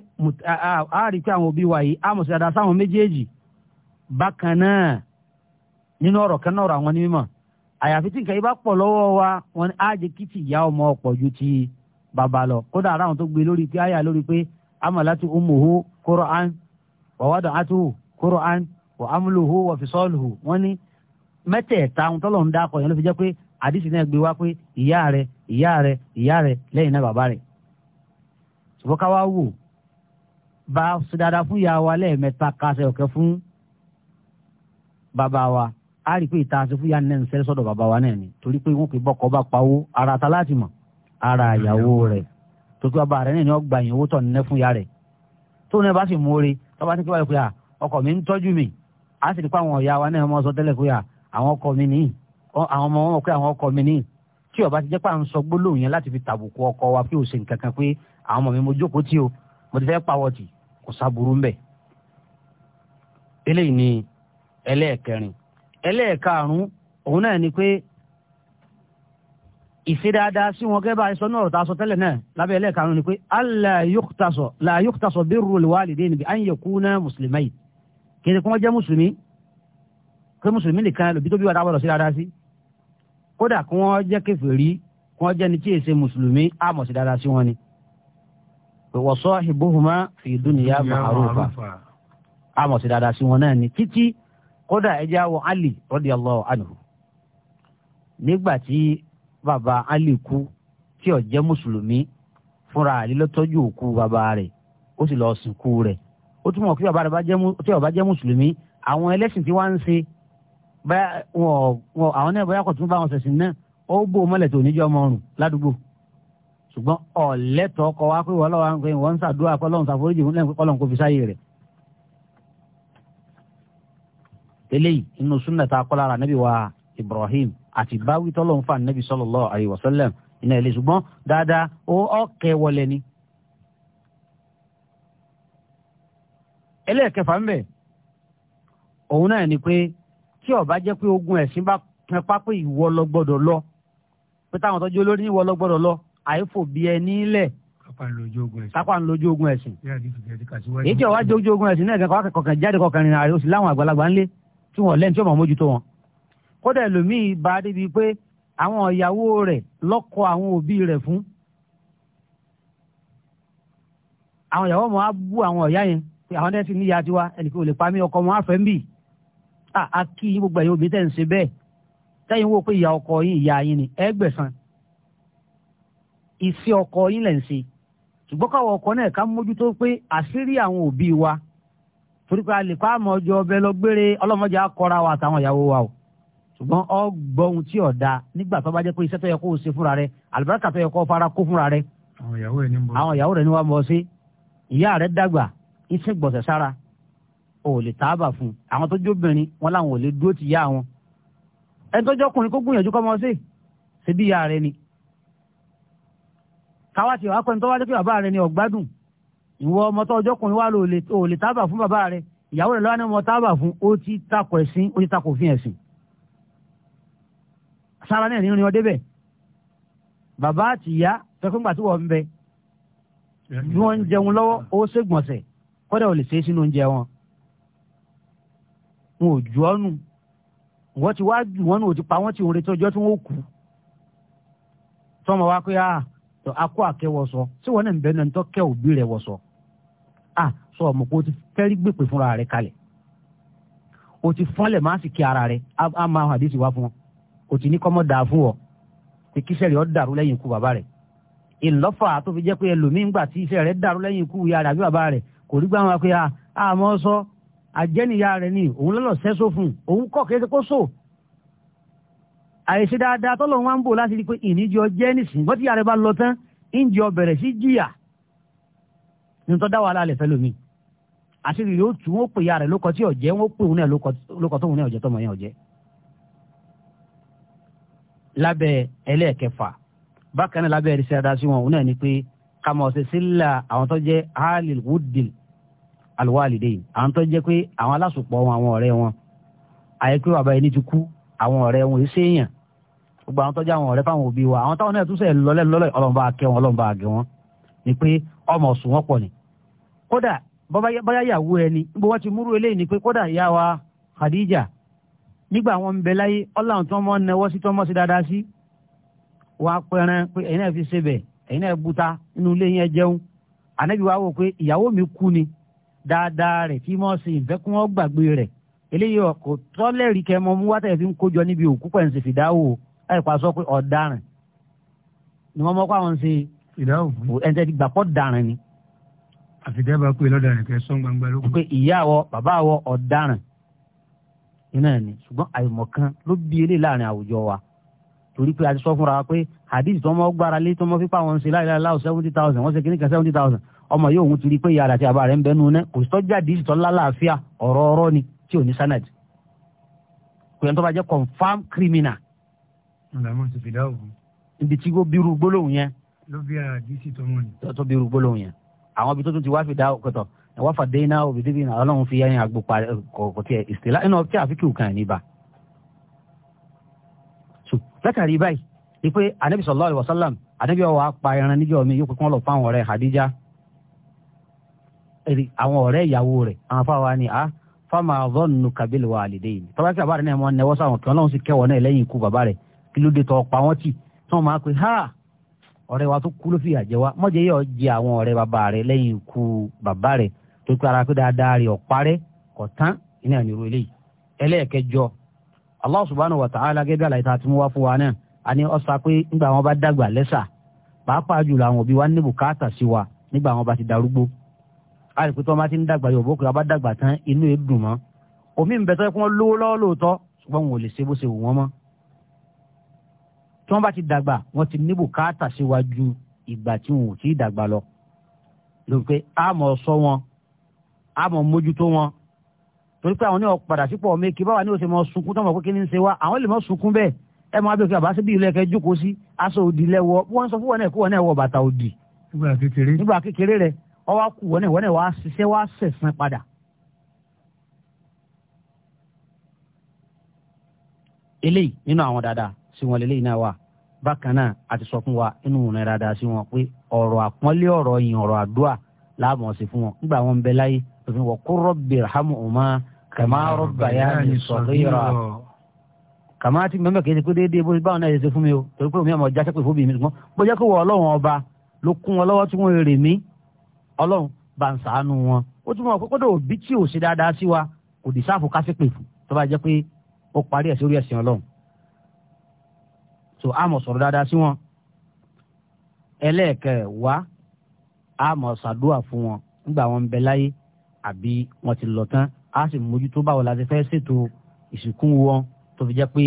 a rí pé àwọn òbí wa yìí á mọ̀sí dáadáa méjèèjì bákan náà nínú ọ̀rọ̀ kan náà àwọn onímọ̀ àyàfi tí nǹkan yìí bá pọ̀ lọ́wọ́ wa wọn á ya kí ti ìyá ọmọ ọ̀pọ̀ ju ti bàbá lọ kódà ara àwọn tó gbé lórí pé àyà lórí pé amalatu umuhu qur'an wa wada'atuhu qur'an wa amluhu wa fisaluhu wọ́n ní mẹ́tẹ̀ẹ̀ta àwọn tọ́lọ̀ ń dákọ̀ yẹn ló fi jẹ́ pé àdìsí náà gbé wá pé ìyá rẹ̀ ìyá rẹ̀ ìyá lẹ́yìn náà bàbá rẹ̀ ṣùgbọ́n ká wá wò bá ṣe dáadáa fún ìyá wa lẹ́ẹ̀mẹ́ta kásẹ̀ a rí pé ìta àti fúyà náà ń sẹ́rẹ́ sọ́dọ̀ bàbá wa náà ni torí pé wọ́n pè bọ́kọ bá pawó ara ta láti mọ̀ ara ìyàwó rẹ̀ tó kí bàbá rẹ̀ náà ni wọ́n gbà yín owó tọ̀ nínú fúyà rẹ̀ tó náà bá sì mú oore tọ́ba ní kí wọ́n pè à ọkọ mi ń tọ́jú mi a sì rí pé àwọn ọ̀yà wa náà mọ́ sọ tẹ́lẹ̀ pé àwọn ọkọ mi nìyí àwọn ọmọ wọn pé àwọn ọkọ mi nìyí ẹlẹ́ẹ̀karùn-ún òun náà ni pé ìṣe dáadáa sí wọn gẹ́gẹ́ bá sọ náà ta sọ tẹ́lẹ̀ náà lábẹ́ ẹlẹ́ẹ̀karùn-ún ni pé alla yuktaso la yuktaso birrul walidaini bi an yakuna muslimayn kéde kí wọ́n jẹ́ mùsùlùmí pé mùsùlùmí nìkan lòbí tó bí wàdà wọ́dọ̀ sí dáadáa sí kódà kí wọ́n kódà ẹja wọ ali radiyallahu anhu nígbà tí bàbá ali kú tí ó jẹ́ mùsùlùmí fúnra àlè ló tọ́jú òkú bàbá rẹ̀ ó sì lọ sìnkú rẹ̀ ó túmọ̀ kí bàbá rẹ̀ tí ó bá jẹ́ mùsùlùmí àwọn ẹlẹ́sìn tí wọ́n ń ṣe àwọn náà bóyá kò tún bá wọn ṣẹ̀sìn náà ó bò mọ́lẹ̀ tó níjọ́ ọmọ ládùúgbò ṣùgbọ́n ọ̀lẹ́tọ̀ ọkọ̀ wa pé wọ́n lọ́wọ́ pé wọ́n ń ṣàdúrà kọ́lọ́hún ṣàforíjì fún lẹ́yìn kọ́lọ́hún kò fi sáyé rẹ̀ eléyìí inú súnà tá a kọ́ lára nábì wa ibrahim àti báwí tọ́lọ̀ ń fa nábì sallallahu alaihi wasallam iná ilé ṣùgbọ́n dáadáa ó ọ̀kẹ́ wọlé ni. ẹlẹ́ẹ̀kẹfà ń bẹ̀ òun náà ni pé tí ó bá jẹ́ pé ogun ẹ̀sìn bá pẹ́ pápẹ́ ìwọ lọ gbọ́dọ̀ lọ pé táwọn tọ́jú olórí ní ìwọ lọ gbọ́dọ̀ lọ àìfò bí ẹ nílẹ̀ kápá ń lójú ogun ẹ̀sìn. èyí tí ó wá jójú ogun ẹ̀sìn náà kọ́kàn jáde kọ́kàn rìnrìn àrè ó sì láwọn àgbàlagbà ńlẹ̀ tí wọ́n lẹ́ni tí wọ́n máa mójútó wọn. kódà ẹlòmíì bá a débi pé àwọn ìyàwó rẹ̀ lọ́kọ àwọn òbí rẹ̀ fún. àwọn ìyàwó máa bú àwọn ọ̀yá yẹn pé àwọn tẹ́sí ní ìyá tiwa ẹnìkan ò lè pa mí ọkọ wọn àfẹ́ ń bì. a kí yín gbogbo ẹ̀yin obìnrin tẹ̀ ń ṣe bẹ́ẹ̀ tẹ́yìn wò pé ìyá ọkọ yín ìyá yín ni ẹgbẹ̀sán ìfẹ́ ọkọ yín lẹ̀ ń ṣe ṣùgbọ́n káwọn ọkọ náà ká mójútó pé àṣírí àwọn òbí wa torípé àlèkò àmọ́ ọjọ́ ọbẹ̀ lọ gbére ọlọ́mọdé akọra wa àtàwọn ìyàwó wa o ṣùgbọ́n ọ gbọ́ ohun tí ò da nígbà tó bá jẹ́ pé iṣẹ́ tó yẹ kó o ṣe fúnra rẹ àlùbáríkà tó yẹ kó o fara kó fúnra rẹ. àwọn ìyàwó rẹ ni wọ́n mọ̀ sí ìyá rẹ dàgbà iṣẹ́ gbọ̀nsẹ̀ sára o ò lè tààbà fún un àwọn tó jóbìnrin wọn làwọn ò lè dúró ti yá wọn. ẹni tó jọkùnrin kó gbìyànjú kọ́ mọ sí ṣe bí ìyá rẹ ni. káwá ti wàá pẹ́ni tó wá dé pé bàbá rẹ ni ọ̀gbádùn ìwọ ọmọ tó ọjọ́ kùnrin wà lò ò lè tábà fún bàbá rẹ ìyàwó rẹ lọ́wọ́ ní ọmọ tábà fún ó ti takò ẹ̀sìn ó ti takò òfin ẹ̀sìn sára náà nínú ni wọ́n débẹ̀ bàbá àti ìyá tẹkùn tí wọ́n ń bẹ bí wọ́n ń jẹun lọ́wọ́ ó ṣègbọ̀nsẹ̀ kọ́dà ò lè ṣe é sínú oúnjẹ wọn wọn ò jù ọ́ wọ́n ti wá jù wọ́n nù ò ti pa wọ́n ti ń retí ọjọ́ tí wọ́n kú tọ́mọ wa pé ah, a kó àkẹ́wọ̀ sọ tí wọ́n náà ń bẹ́ẹ̀ náà ń tọ́ kẹ́ òbí rẹ̀ wọ̀ sọ. Ah, sọ ọmọ kó o ti fẹ́rí gbèpè fúnra rẹ kalẹ̀ o ti fọ́nlẹ̀ máa sì kí ara rẹ á máa hàdísì wá fún ọ o ti ní kọ́mọ́ dáa fún ọ pé kíṣẹ́ rẹ̀ ọ́ dàrú lẹ́yìn ikú bàbá rẹ̀ ìlọ́fà tó fi jẹ́ pé ẹlòmíín gbà tí iṣẹ́ rẹ̀ dàrú lẹ́yìn ikú ìyá rẹ̀ àbí bàbá rẹ̀ kò rí gbà wọn pé àmọ́ sọ àjẹ́nìyá rẹ̀ ni òun lọ́lọ́ sẹ́sọ fún òun kọ̀ kéde kó sò àìṣe dáadáa tọ́lọ́ wọn ń bò láti rí pé ìníjọ jẹ́ nísìnyí wọ́n ti yára bá lọ tán ìjọ bẹ̀rẹ̀ sí jìyà nítorí dá wàhálà lẹ̀ fẹ́ lómi àṣírí yóò tù wọ́n pè ya rẹ̀ lókọ tí ọ̀jẹ́ wọ́n pè òun náà lókọ tóun náà ọ̀jẹ́ tọmọ yẹn ọ̀jẹ́. lábẹ́ ẹlẹ́ẹ̀kẹfà bákan náà lábẹ́ ẹ̀rísẹ́ adá sí wọn òun náà ni pé kàmá ọ̀sẹ̀ sílà àwọn tó jẹ́ halil wudil alwalidain àwọn tó jẹ́ pé àwọn alásùpọ̀ wọn àwọn ọ̀rẹ́ wọn àyè pé bàbá ẹni ti kú àwọn ọ̀rẹ́ wọn èsì èèyàn gbogbo àwọn tó jẹ́ àwọn ọ̀rẹ́ fáwọn òbí wa àwọn táwọn náà túnṣe lọ́lẹ́ lọ́lẹ́ ọlọ́mọba akẹ́ wọn ọlọ́mọba ni pé ọmọ ọ̀sùn wọn pọ̀ ni kódà bóyá yàwó ẹni níbo wọ́n ti múrú eléyìí ni pé kódà ìyá wa Khadija nígbà àwọn ń bẹ láyé ọlọ́run tó mọ́ nẹwọ́ sí tó mọ́ sí dáadáa sí wọ́n á pẹran pé ẹ̀yin náà fi ṣe bẹ̀ ẹ̀yin náà buta inú ilé yẹn jẹun ànábi wa wò pé ìyàwó mi kú ni dáadáa rẹ̀ kí mọ́ sí ìfẹ́ kí wọ́n gbàgbé rẹ̀ eléyìí ọkọ̀ tọ́lẹ̀rì kẹmọ mú wátẹ̀ fi ń kójọ níbi òkú pẹ̀ǹsì fìdáwò ẹ̀ pàṣọ pé ọ̀daràn ni wọ́n mọ́ kó àwọn ṣe ẹnitẹ́ ti gbàpọ̀ dáràn ni. àfitẹ́ bá pé lọ́dà rẹ̀ kẹ́ sọ́n gbangba lóko. pé ìyá wọ bàbá wọ ọ̀daràn iná ni ṣùgbọ́n àìmọ̀kan ló bí eléyìí láàrin àwùjọ wa torí pé a ti sọ fúnra wa pé hadith tọmọ gbára lé tọmọ fipá wọn ṣe láìláì láò seventy thousand wọn ṣe kíní kan seventy thousand ọmọ yóò òun ti rí pé ìyá àti àbá rẹ̀ ń bẹnu náà kò sọ jáde ìṣìtọ́ lálàáfíà ọ̀rọ̀ ọ̀rọ̀ ni tí ò ní sanad kò yẹn tó bá jẹ́ confam criminal. ǹlá mo ti fi dáhùn. ibi tí ó bírú gbólóhùn yẹn ló bí àdìsí tó mọ̀ ni. tó bí irú gbólóhùn yẹn àwọn ibi tó tún ti wá fi dá kọtọ wá fàdé iná òbí débi iná ọlọ́run fi yẹn àgbo parí kọ̀ọ̀kọ̀ tiẹ̀ ìsìlá iná tí àfikún kan ní bá. látàrí báyìí ni pé anabi sallallahu alaihi wasallam anabi ọwọ́ apá ẹran níjọ́ mi yóò kọ́kọ́ lọ fún àwọn ọ̀rẹ́ Hadija àwọn ọ̀rẹ́ ìyàwó rẹ̀ àwọn afáwa ni a fama zọ́nù kabili wa àlìdé yìí tọ́ba tí àbára náà mọ́ nẹ́wọ́ sáwọn kí ọlọ́run sì kẹwọ́ náà lẹ́yìn ikú bàbá rẹ̀ kí ló dé tọ́ pa wọ́n tì tí wọ́n máa pe ha ọ̀rẹ́ wa tó kú ló fìyà jẹ wá mọ̀jẹ̀ yóò jẹ àwọn ọ̀rẹ́ bàbá rẹ lẹ́yìn ikú bàbá rẹ tó kí ara pé dáadáa rẹ ọ̀parẹ́ kọ̀tán iná ní eléyìí ẹlẹ́ẹ̀kẹjọ Allah subhanahu wa ta'ala gẹ́gẹ́ bí àlàyé tá a wá fún wa náà a ní ó sọ pé nígbà wọn bá dàgbà lẹ́sà pàápàá jùlọ àwọn òbí wa ní bùkátà sí wa nígbà wọn bá ti darúgbó a lè pé tí wọn bá ti ń dàgbà yòòbó kí wọn bá dàgbà tán inú èdùn mọ́ omi ń bẹ tọ́ ẹ kí wọ́n lówó lọ́wọ́ lóòótọ́ ṣùgbọ́n wọn ò lè ṣe bó ṣe wù wọ́n mọ́ tí wọ́n bá ti dàgbà wọ́n ti ní bùkátà síwájú ìgbà tí wọn ò tí ì dàgbà lọ lórí pé a mọ̀ sọ wọn a mọ̀ mójútó wọn torí pé àwọn ní ọ padà sípò ọmọ èké báwa ní o ṣe mọ sunkún tó mọ̀ pé kí ni ń ṣe wá àwọn lè mọ sunkún bẹ́ẹ̀ ẹ mọ abẹ́òkè àbá síbi ilé ẹ̀kẹ́ jókòó sí aṣọ òdì lẹ́wọ́ wọ́n sọ fún wọn náà kó wọn náà wọ eléyìí nínú àwọn dáadáa sí wọn lélẹ́yìn náà wà bákan náà a ti sọ fún wa inú wọn náà dáadáa sí wọn pé ọ̀rọ̀ àpọ́nlé ọ̀rọ̀ yìn ọ̀rọ̀ àdúà láàmú sí fún wọn nígbà wọn bẹ láyé òfin wọ kó rọ́bì rahamuhuma kàmá rọ́bà yá ni sọ̀rọ̀ kàmá ti mẹ́mẹ́ kì í ṣe pé déédéé bó báwọn náà ṣe ṣe fún mi o torí pé omi ọmọ jáṣẹ́ pé fóbi mi ṣùgbọ́n bó jẹ́ kó ọlọ́run ọba ló kún wọn lọ́wọ́ tí wọ́n rè mí ọlọ́run bá ń sàánú wọn ó túmọ̀ pé kódà òbí tí ò ṣe dáadáa sí wa kò dì sáàfù kásìpè tó bá jẹ́ pé ó parí ẹ̀ sórí ẹ̀sìn ọlọ́run so a mọ̀ sọ̀rọ̀ dáadáa sí wọn ẹlẹ́ẹ̀kẹwà a mọ̀ ṣàdúrà fún wọn nígbà wọn ń bẹ láyé àbí wọn ti lọ tán a sì mójútó báwo la ti fẹ́ ṣètò ìsìnkú wọn tó fi jẹ́ pé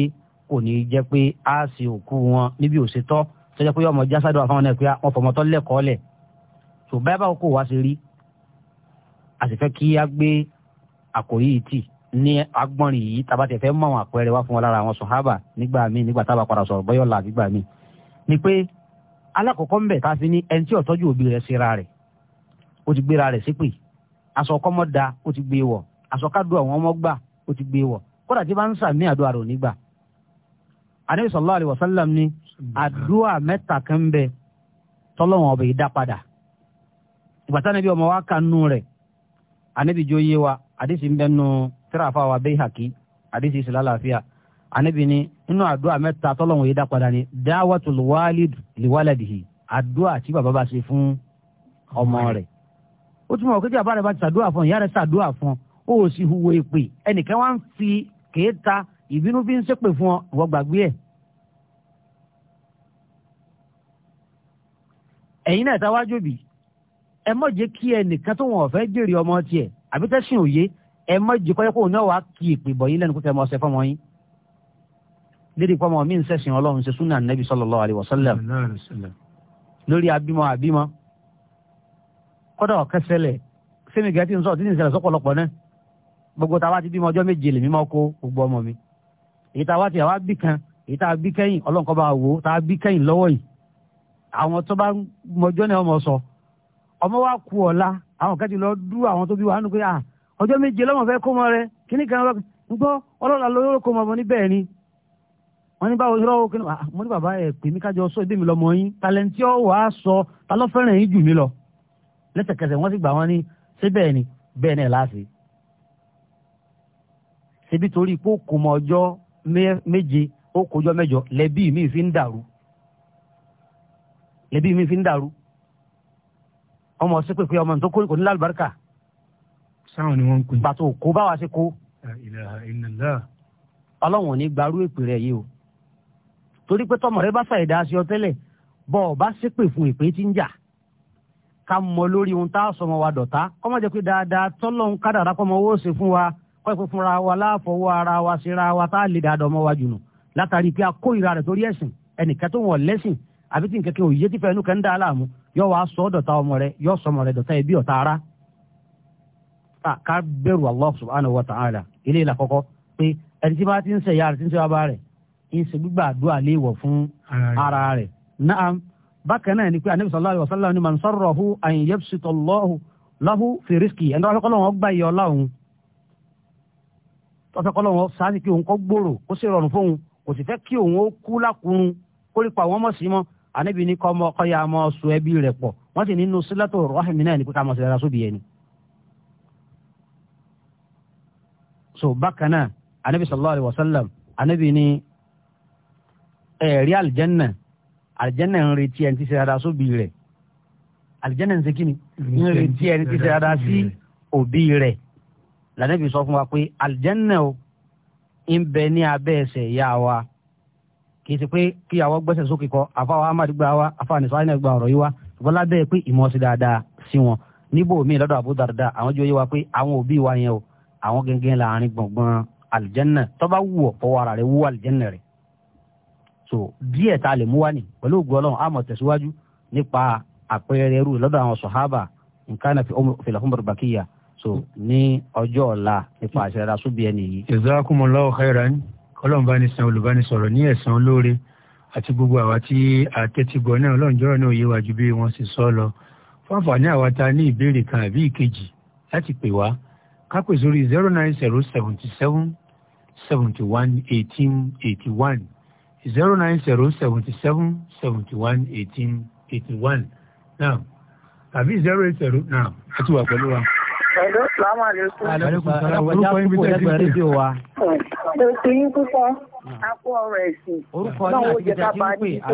kò ní jẹ́ pé a sì òkú wọn níbi òṣètọ́ tó jẹ́ pé ọmọ jásádùn àfáwọn náà pé wọn fọmọtọ́ lẹ́kọ̀ọ́ lẹ̀ so báyìí báwo kò wá sí rí a sì fẹ́ kí a gbé àkòrí yìí tì ní agbọ́nrin yìí tàbá tẹ̀ fẹ́ mọ àwọn àpẹẹrẹ wá fún wa lára àwọn sọ̀hábà nígbà míì nígbà tábà padà sọ̀rọ̀ bọ́yọ̀ là nígbà míì ni pé alákọ̀ọ́kọ́ ń bẹ̀ tá a fi ní ẹni tí ó tọ́jú òbí rẹ̀ síra rẹ̀ ó ti gbéra rẹ̀ sípè aṣọ kọ́mọ da ó ti gbé e wọ̀ aṣọ kádùn àwọn ọmọ gbà ó ti gbé e wọ̀ kódà tí bá ń sàmì àdúrà rẹ̀ ò ní gbà. sallallahu wasallam ní àdúrà mẹ́ta kan ń bẹ tọ́lọ́wọ̀n ọbẹ̀ ìdá padà ìgbà táwọn ẹbí ọmọ wa tíráfà wa bẹ́ẹ̀ hàkí àdìsí ìsìlá làáfíà ànábì ni inú àdúrà mẹ́ta tọ́lọ́hún yìí dápadà ni dáwàtú wálid liwáladihi àdúrà tí bàbá bá ṣe fún ọmọ rẹ̀ ó túmọ̀ pé tí bàbá rẹ̀ bá ti ṣàdúrà fún ìyá rẹ̀ ṣàdúrà fún ó sì huwo ìpè ẹnìkan wá ń fi kéèta ìbínú bí ń ṣépè fún ọ ìwọ gbàgbé ẹ̀ ẹ̀yin náà táwájú bì ẹ mọ̀ jẹ́ kí ẹnìkan tó wọn ọ̀fẹ́ jèrè ọmọ tiẹ̀ àbí tẹ́sìn òye ẹ mọ jìkọ́yẹ́ kó náà wàá kí ìpè bọ̀ yín lẹ́nu kó kẹ́ mọ ọsẹ fọmọ yín lédi pọ́mọ mi ń sẹ̀sìn ọlọ́run ṣe súnà nẹ́bí sallallahu alaihi wasallam lórí abímọ àbímọ kọ́dà ọ̀kẹ́sẹ̀lẹ̀ sẹ́mi gẹ̀ẹ́tì ń sọ ọ̀dí nìṣẹ̀lẹ̀ sọ́pọ̀lọpọ̀ náà gbogbo tá a wá ti bímọ ọjọ́ méje lèmi máa kó gbogbo ọmọ mi èyí tá a wá ti àwa bí kan èyí tá a bí kẹ́yìn ọlọ́run kó tá a bí kẹ́yìn lọ́wọ́ yìí àwọn tó bá mọjọ́ náà ọmọ sọ ọmọ wa kú ọ̀la àwọn kẹ́tì lọ dúró àwọn tó bí wa nù pé ah ọjọ́ méje lọ́mọ fẹ́ kó mọ rẹ kíní kan rọ ń gbọ́ ọlọ́la lóyún kó mọ ọmọ níbẹ̀ ni wọ́n ní báwo irọ́ kí ni ah, mo ní bàbá ẹ̀ pè mí kájọ sọ ìbémi lọmọ yín talẹ́ntì ọ̀wọ́ á sọ ta ló fẹ́ràn yín jù mí lọ lẹ́sẹ̀kẹsẹ̀ wọ́n sì gbà wọ́n ní ṣé bẹ́ẹ̀ ni bẹ́ẹ̀ náà láàfin ṣebí torí pé ó kò mọ ọjọ́ méje ó kójọ́ mẹ́jọ lẹ́bí mi fi ń dàrú lẹ́bí mi fi ń dàrú ọmọ sí ọmọ tó kò ní lálùbáríkà sáwọn ni wọ́n ń pè. bàtò kó bá wa ṣe kó. ní gbarú èpè rẹ̀ yìí o torí pé tọmọ rẹ bá ṣàìdá aṣọ tẹ́lẹ̀ bọ́ ọ bá ṣépè fún ìpè tí ń jà ká ohun tá a sọmọ wa dọ̀tá kọ́mọ jẹ́ pé dáadáa tọ́lọ́hún kádàrá kọ́mọ owó ṣe fún wa kọ́ ìpè fúnra wa láàfọwọ́ ara wa síra wa tá a lè dáadọ́ wa látàrí pé a kó ìra rẹ̀ torí ẹ̀sìn lẹ́sìn àbí tí yọ wàá sọ dọ̀tá ọmọ yọ sọmọ rẹ dọ̀tá ẹbí ọ̀tá Ah, ká bẹ̀rù allah subhanahu wa ta'ala ilé ìlà kọ́kọ́ pé ẹni tí bá ti ń ṣe ìyá rẹ̀ tí ń ṣe bàbá rẹ̀ ń ṣe gbígbà àdúrà lè wọ̀ fún ara rẹ̀ naam bákan náà ni pé anabi sallallahu alayhi wa sallam ni man sarrahu an yabsita allahu lahu fi rizqi ẹni tó wá fẹ́ kọ́ gbà yọ ọláhùn tọ́sọ́kọ́lọ́ wọn sáájú kí òun kọ́ gbòòrò kó sì rọrùn fóun kò sì fẹ́ kí òun ó kú lákùnrin kó lè pa àwọn ọmọ sí mọ́ anabi ní kọ́ ọmọ ọkọ ya ọmọ sọ ẹbí rẹ̀ pọ̀ wọ́n sì nínú sílẹ̀tò rọ́ọ̀hìn mi náà ní pé ká mọ̀ sílẹ̀ lásòbí yẹn ni. so bákan náà anabi sallallahu alayhi wa sallam anabi ni ẹ̀rí aljanna aljanna ń retí ẹni tí ṣe dáadáa sóbì rẹ̀ aljanna ń ṣe kí ni ń retí ẹni tí ṣe dáadáa sí òbí rẹ̀ lànàbì sọ fún wa pé aljanna o ń bẹ ní abẹ́ ẹsẹ̀ ìyá wa kì í ti pé kí àwọn gbẹ́sẹ̀ sókè kọ àfáwọn amadu gba wa àfáwọn nìsọ́ àyìnà gba ọ̀rọ̀ yìí wa ṣùgbọ́n lábẹ́ pé ìmọ̀ sí dáadáa sí wọn níbo mi lọ́dọ̀ àbúdàrúdà àwọn jọ yé wa pé àwọn òbí wa yẹn o àwọn gẹ́gẹ́ láàrin gbọ̀ngbọ̀n alìjẹ́nà tó bá wù ọ́ ara rẹ̀ wú alìjẹ́nà rẹ̀ so díẹ̀ tá a lè mú wá ní pẹ̀lú ògùn ọlọ́run àmọ̀ tẹ̀síwájú nípa àpẹẹrẹ irú lọ́dọ̀ àwọn sọ̀hábà nǹkan náà fi lọ́kùn bọ̀rọ̀ bàkìyà so ní ọjọ́ ọ̀la nípa àṣẹ ra súbì ẹni yìí. jazakumullahu khairan ọlọ́run bá ní san olùbánisọ̀rọ̀ ní ẹ̀san olóore àti gbogbo àwa tí àtẹ́tígbọ́ náà ọlọ́run jọ́rọ̀ náà yé wa ju bí wọ́n ṣe sọ lọ fún àǹfààní àwa ta ní ìbéèrè kan àbí ìkejì láti pè wá 0244 kápẹ́ sórí zero nine zero seventy seven seventy one eighteen eighty one zero nine zero seventy seven seventy one eighteen eighty one now tàbí zero eight zero now ẹ wà pẹ̀lú wa. Hello, salamu alaikum. Alaikum salam. Ọjà púpọ̀ lẹ́gbẹ̀ẹ́ rédíò wa. Ṣé ti yín púpọ̀? A kó ọ̀rọ̀ ẹ̀sìn. Orúkọ yín àti ìjẹ́ tí ń pè àlùkò.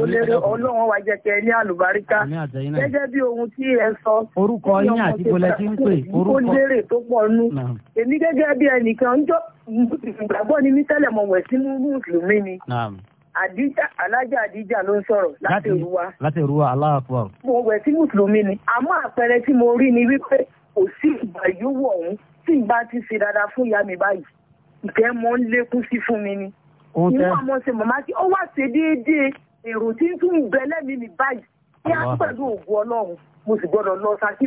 Ọlọ́run wa jẹ́ kẹ́ ní àlùbáríkà. Gẹ́gẹ́ bí ohun tí ẹ sọ. Orúkọ yín àti tí ń pè. Orúkọ tó pọ̀ Èmi gẹ́gẹ́ bí ẹnìkan ń ìgbàgbọ́ ni mí tẹ́lẹ̀ mọ̀ wẹ̀ sínú Mùsùlùmí ni. ló ń sọ̀rọ̀ láti Láti Mo wẹ̀ sí Mùsùlùmí ni. Àmọ́ àpẹẹrẹ tí mo rí ni wípé kò sí ìgbà yòówù ọ̀hún tí n bá ti ṣe dáadáa fún ìyá mi báyìí ìfẹ́ mọ́ ń lékún sí fún mi ni. ìwọ ọmọ ṣe màmá kí ó wá ṣe déédéé èrò tí ń tún bẹ lẹ́mìí mi báyìí kí á pẹ̀lú òògùn ọlọ́run mo sì gbọ́dọ̀ lọ sakí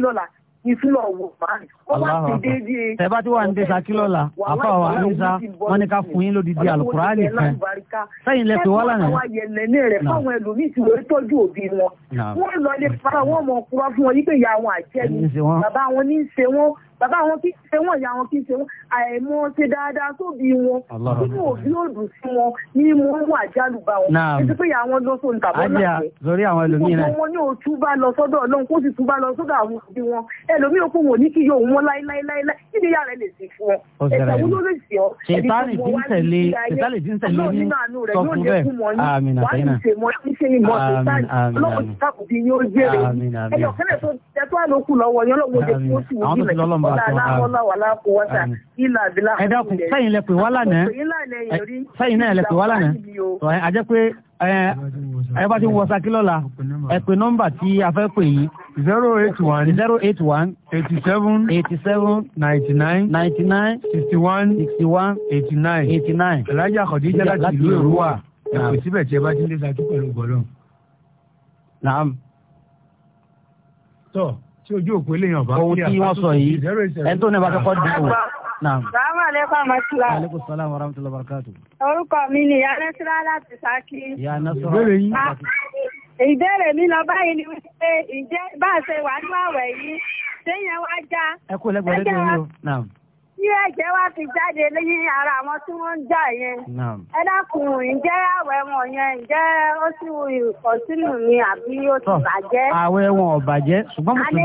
ìfúnlọ wò máa wọn bá ti dé bí. ẹ bá ti wà ní desa kílọ̀lá àfa wa àyíṣà wọn ni ká fún yín lódìdí alukurani kan sẹ́yìn lẹ pé wàhálà náà. ẹ̀ka yẹlẹ́lẹ́ rẹ̀ fáwọn ẹlòmíì ti lórí tọ́jú òbí wọn wọ́n lọ lè fara wọn mọ̀ kúrọ́ fún wọn yí pé ìyá wọn àjẹ́ ni bàbá wọn ní í ṣe wọn bàbá wọn kì í ṣe wọn ìyá wọn kì ṣe wọn àìmọ ṣe dáadáa sóbì wọn nínú òbí òdù sí wọn ní mo ń wà jálùbá wọn títí pé ìyá wọn ló so tàbọ̀ náà jẹ́ lórí àwọn ẹlòmíì náà wọn ní òtú bá lọ sọ́dọ̀ ọlọ́run kó sì tún bá lọ sọ́dọ̀ àwọn òbí wọn ẹlòmíì òkú wò ní kí yóò wọn láíláíláíláí kí ni ìyá lè ṣe fún ọ ẹ̀sẹ̀ wo ló lè ọ ṣètàlì ẹ dákun sẹ́yìn lẹ pè wá lánàá sẹ́yìn náà lẹ pè wá lánàá a jẹ́ pé ẹ bá ti wọ sakilọ la ẹ pè nọ́mbà tí a fẹ́ pè yìí zero eight one. zero eight one. eighty seven. eighty seven. ninety nine. ninety nine. sixty one. sixty one. eighty nine. eighty nine. alájà kọ̀díjà láti ìlú èrúwà ẹ̀kọ́ síbẹ̀ tí ẹ bá ti ń lé sàtú pẹ̀lú gbọ́dọ̀. naam. tọ́. So, tí ojú òpó eléyàn bá. ohun tí wọ́n sọ yìí ẹni tó ní bá kọ́kọ́ dín o. Assalamu alaikum Masila. Aleykum salaam wa rahmatullahi wa Orúkọ mi ni Ìyá láti Ṣakí. Ìyá Ìbéèrè yín. Ah, ìbéèrè mi lọ báyìí ni wípé ǹjẹ́ bá a ṣe wà ní àwẹ̀ yìí, ṣé yẹn wá já? Ẹ kú lẹ́gbẹ̀ẹ́ lẹ́gbẹ̀ẹ́ yín o tí ẹ̀jẹ̀ wá fi jáde lẹ́yìn ara àwọn tí wọ́n ń jà yẹn. ẹ dákun ǹjẹ́ àwẹ̀ wọn yẹn ǹjẹ́ ó sì kọ̀sínù ni àbí ó ti bàjẹ́. àwẹ̀ wọn ò bàjẹ́ ṣùgbọ́n mùsùlùmí.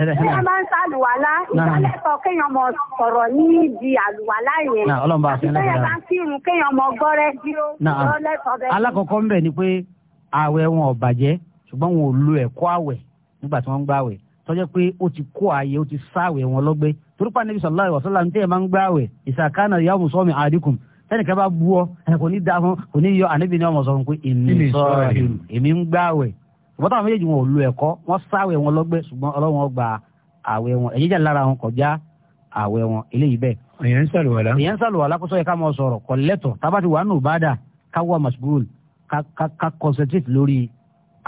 àlejò tí wọ́n máa ń ṣàlùwàlá ìdálẹ́kọ̀ọ́ kéèyàn mọ̀ sọ̀rọ̀ ní ibi àlùwàlá yẹn. àti kéèyàn bá ń kírun kéèyàn mọ̀ gọ́rẹ́ dúró lọ́lẹ́kọ̀ọ́ bẹ́ẹ̀. alákọ̀ọ́kọ́ ń bẹ̀ ni pé àwẹ̀ wọn ò turupa níbi sallallahu alaihi wasallam tẹ́ ẹ máa ń gbáwẹ̀ ìsàkánà ìyá ọmọ sọ́mi àdínkùn tẹ́nì kan bá bú ọ kò ní dáa fún kò ní yọ ànábì ní ọmọ sọ́run pé èmi sọ́ọ̀rọ̀ èmi ń gbáwẹ̀ ìbọn táwọn méjèèjì wọn ò lo ẹ̀kọ́ wọ́n sáwẹ̀ wọn lọ́gbẹ́ ṣùgbọ́n ọlọ́wọ́n gba àwẹ̀ wọn ẹ̀yìn jà lára wọn kọjá àwẹ̀ wọn eléyìí bẹ́ẹ̀. èèyàn ń sàlùwàlá èèyàn ń sàlùwàlá kó sọ yẹ ká mọ sọ̀rọ̀ kọ̀lẹ́tọ̀ tábàtì wà nù bàdà ká wà màsùgbùrù ká concentrate lórí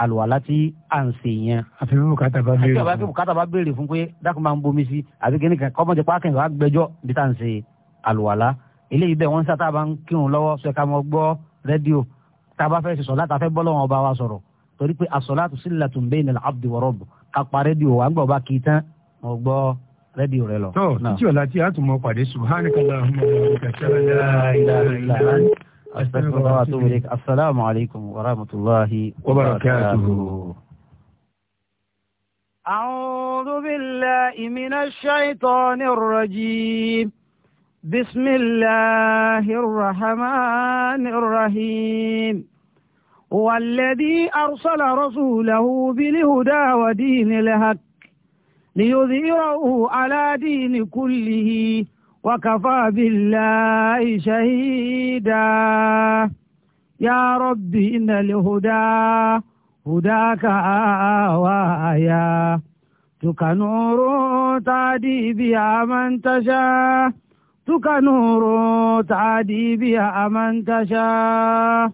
àlùwàlá tí à ń ṣe yẹn. àfi bí bùkátà bá béèrè fún. àfi bùkátà bá béèrè fún pé dákun máa ń bomi sí àbí kíní kan kọ́mọ̀jẹ̀ pákẹ́ wàá gbẹjọ́ bí tá à ń ṣe àlùwàlá. eléyìí bẹ́ẹ̀ wọ́n ń sátá bá ń kírun lọ́wọ́ sọ ká mọ gbọ́ rédíò tá a bá fẹ́ ṣe sọ láti afẹ́ bọ́lọ́wọ́n ọba wa sọ̀rọ̀ torí pé àsọ̀látù síllatun bainal abdi wa ká pa rẹ́díò wa bihamdika أستغفر الله وأتوب إليك السلام عليكم ورحمة الله وبركاته أعوذ بالله من الشيطان الرجيم بسم الله الرحمن الرحيم والذي أرسل رسوله بالهدى ودين الهك ليظهره على دين كله وكفى بالله شهيدا يا ربي إن الهدى هداك آوايا تك نور تعدي بها من تشاء تك نور تعدي بها من تشاء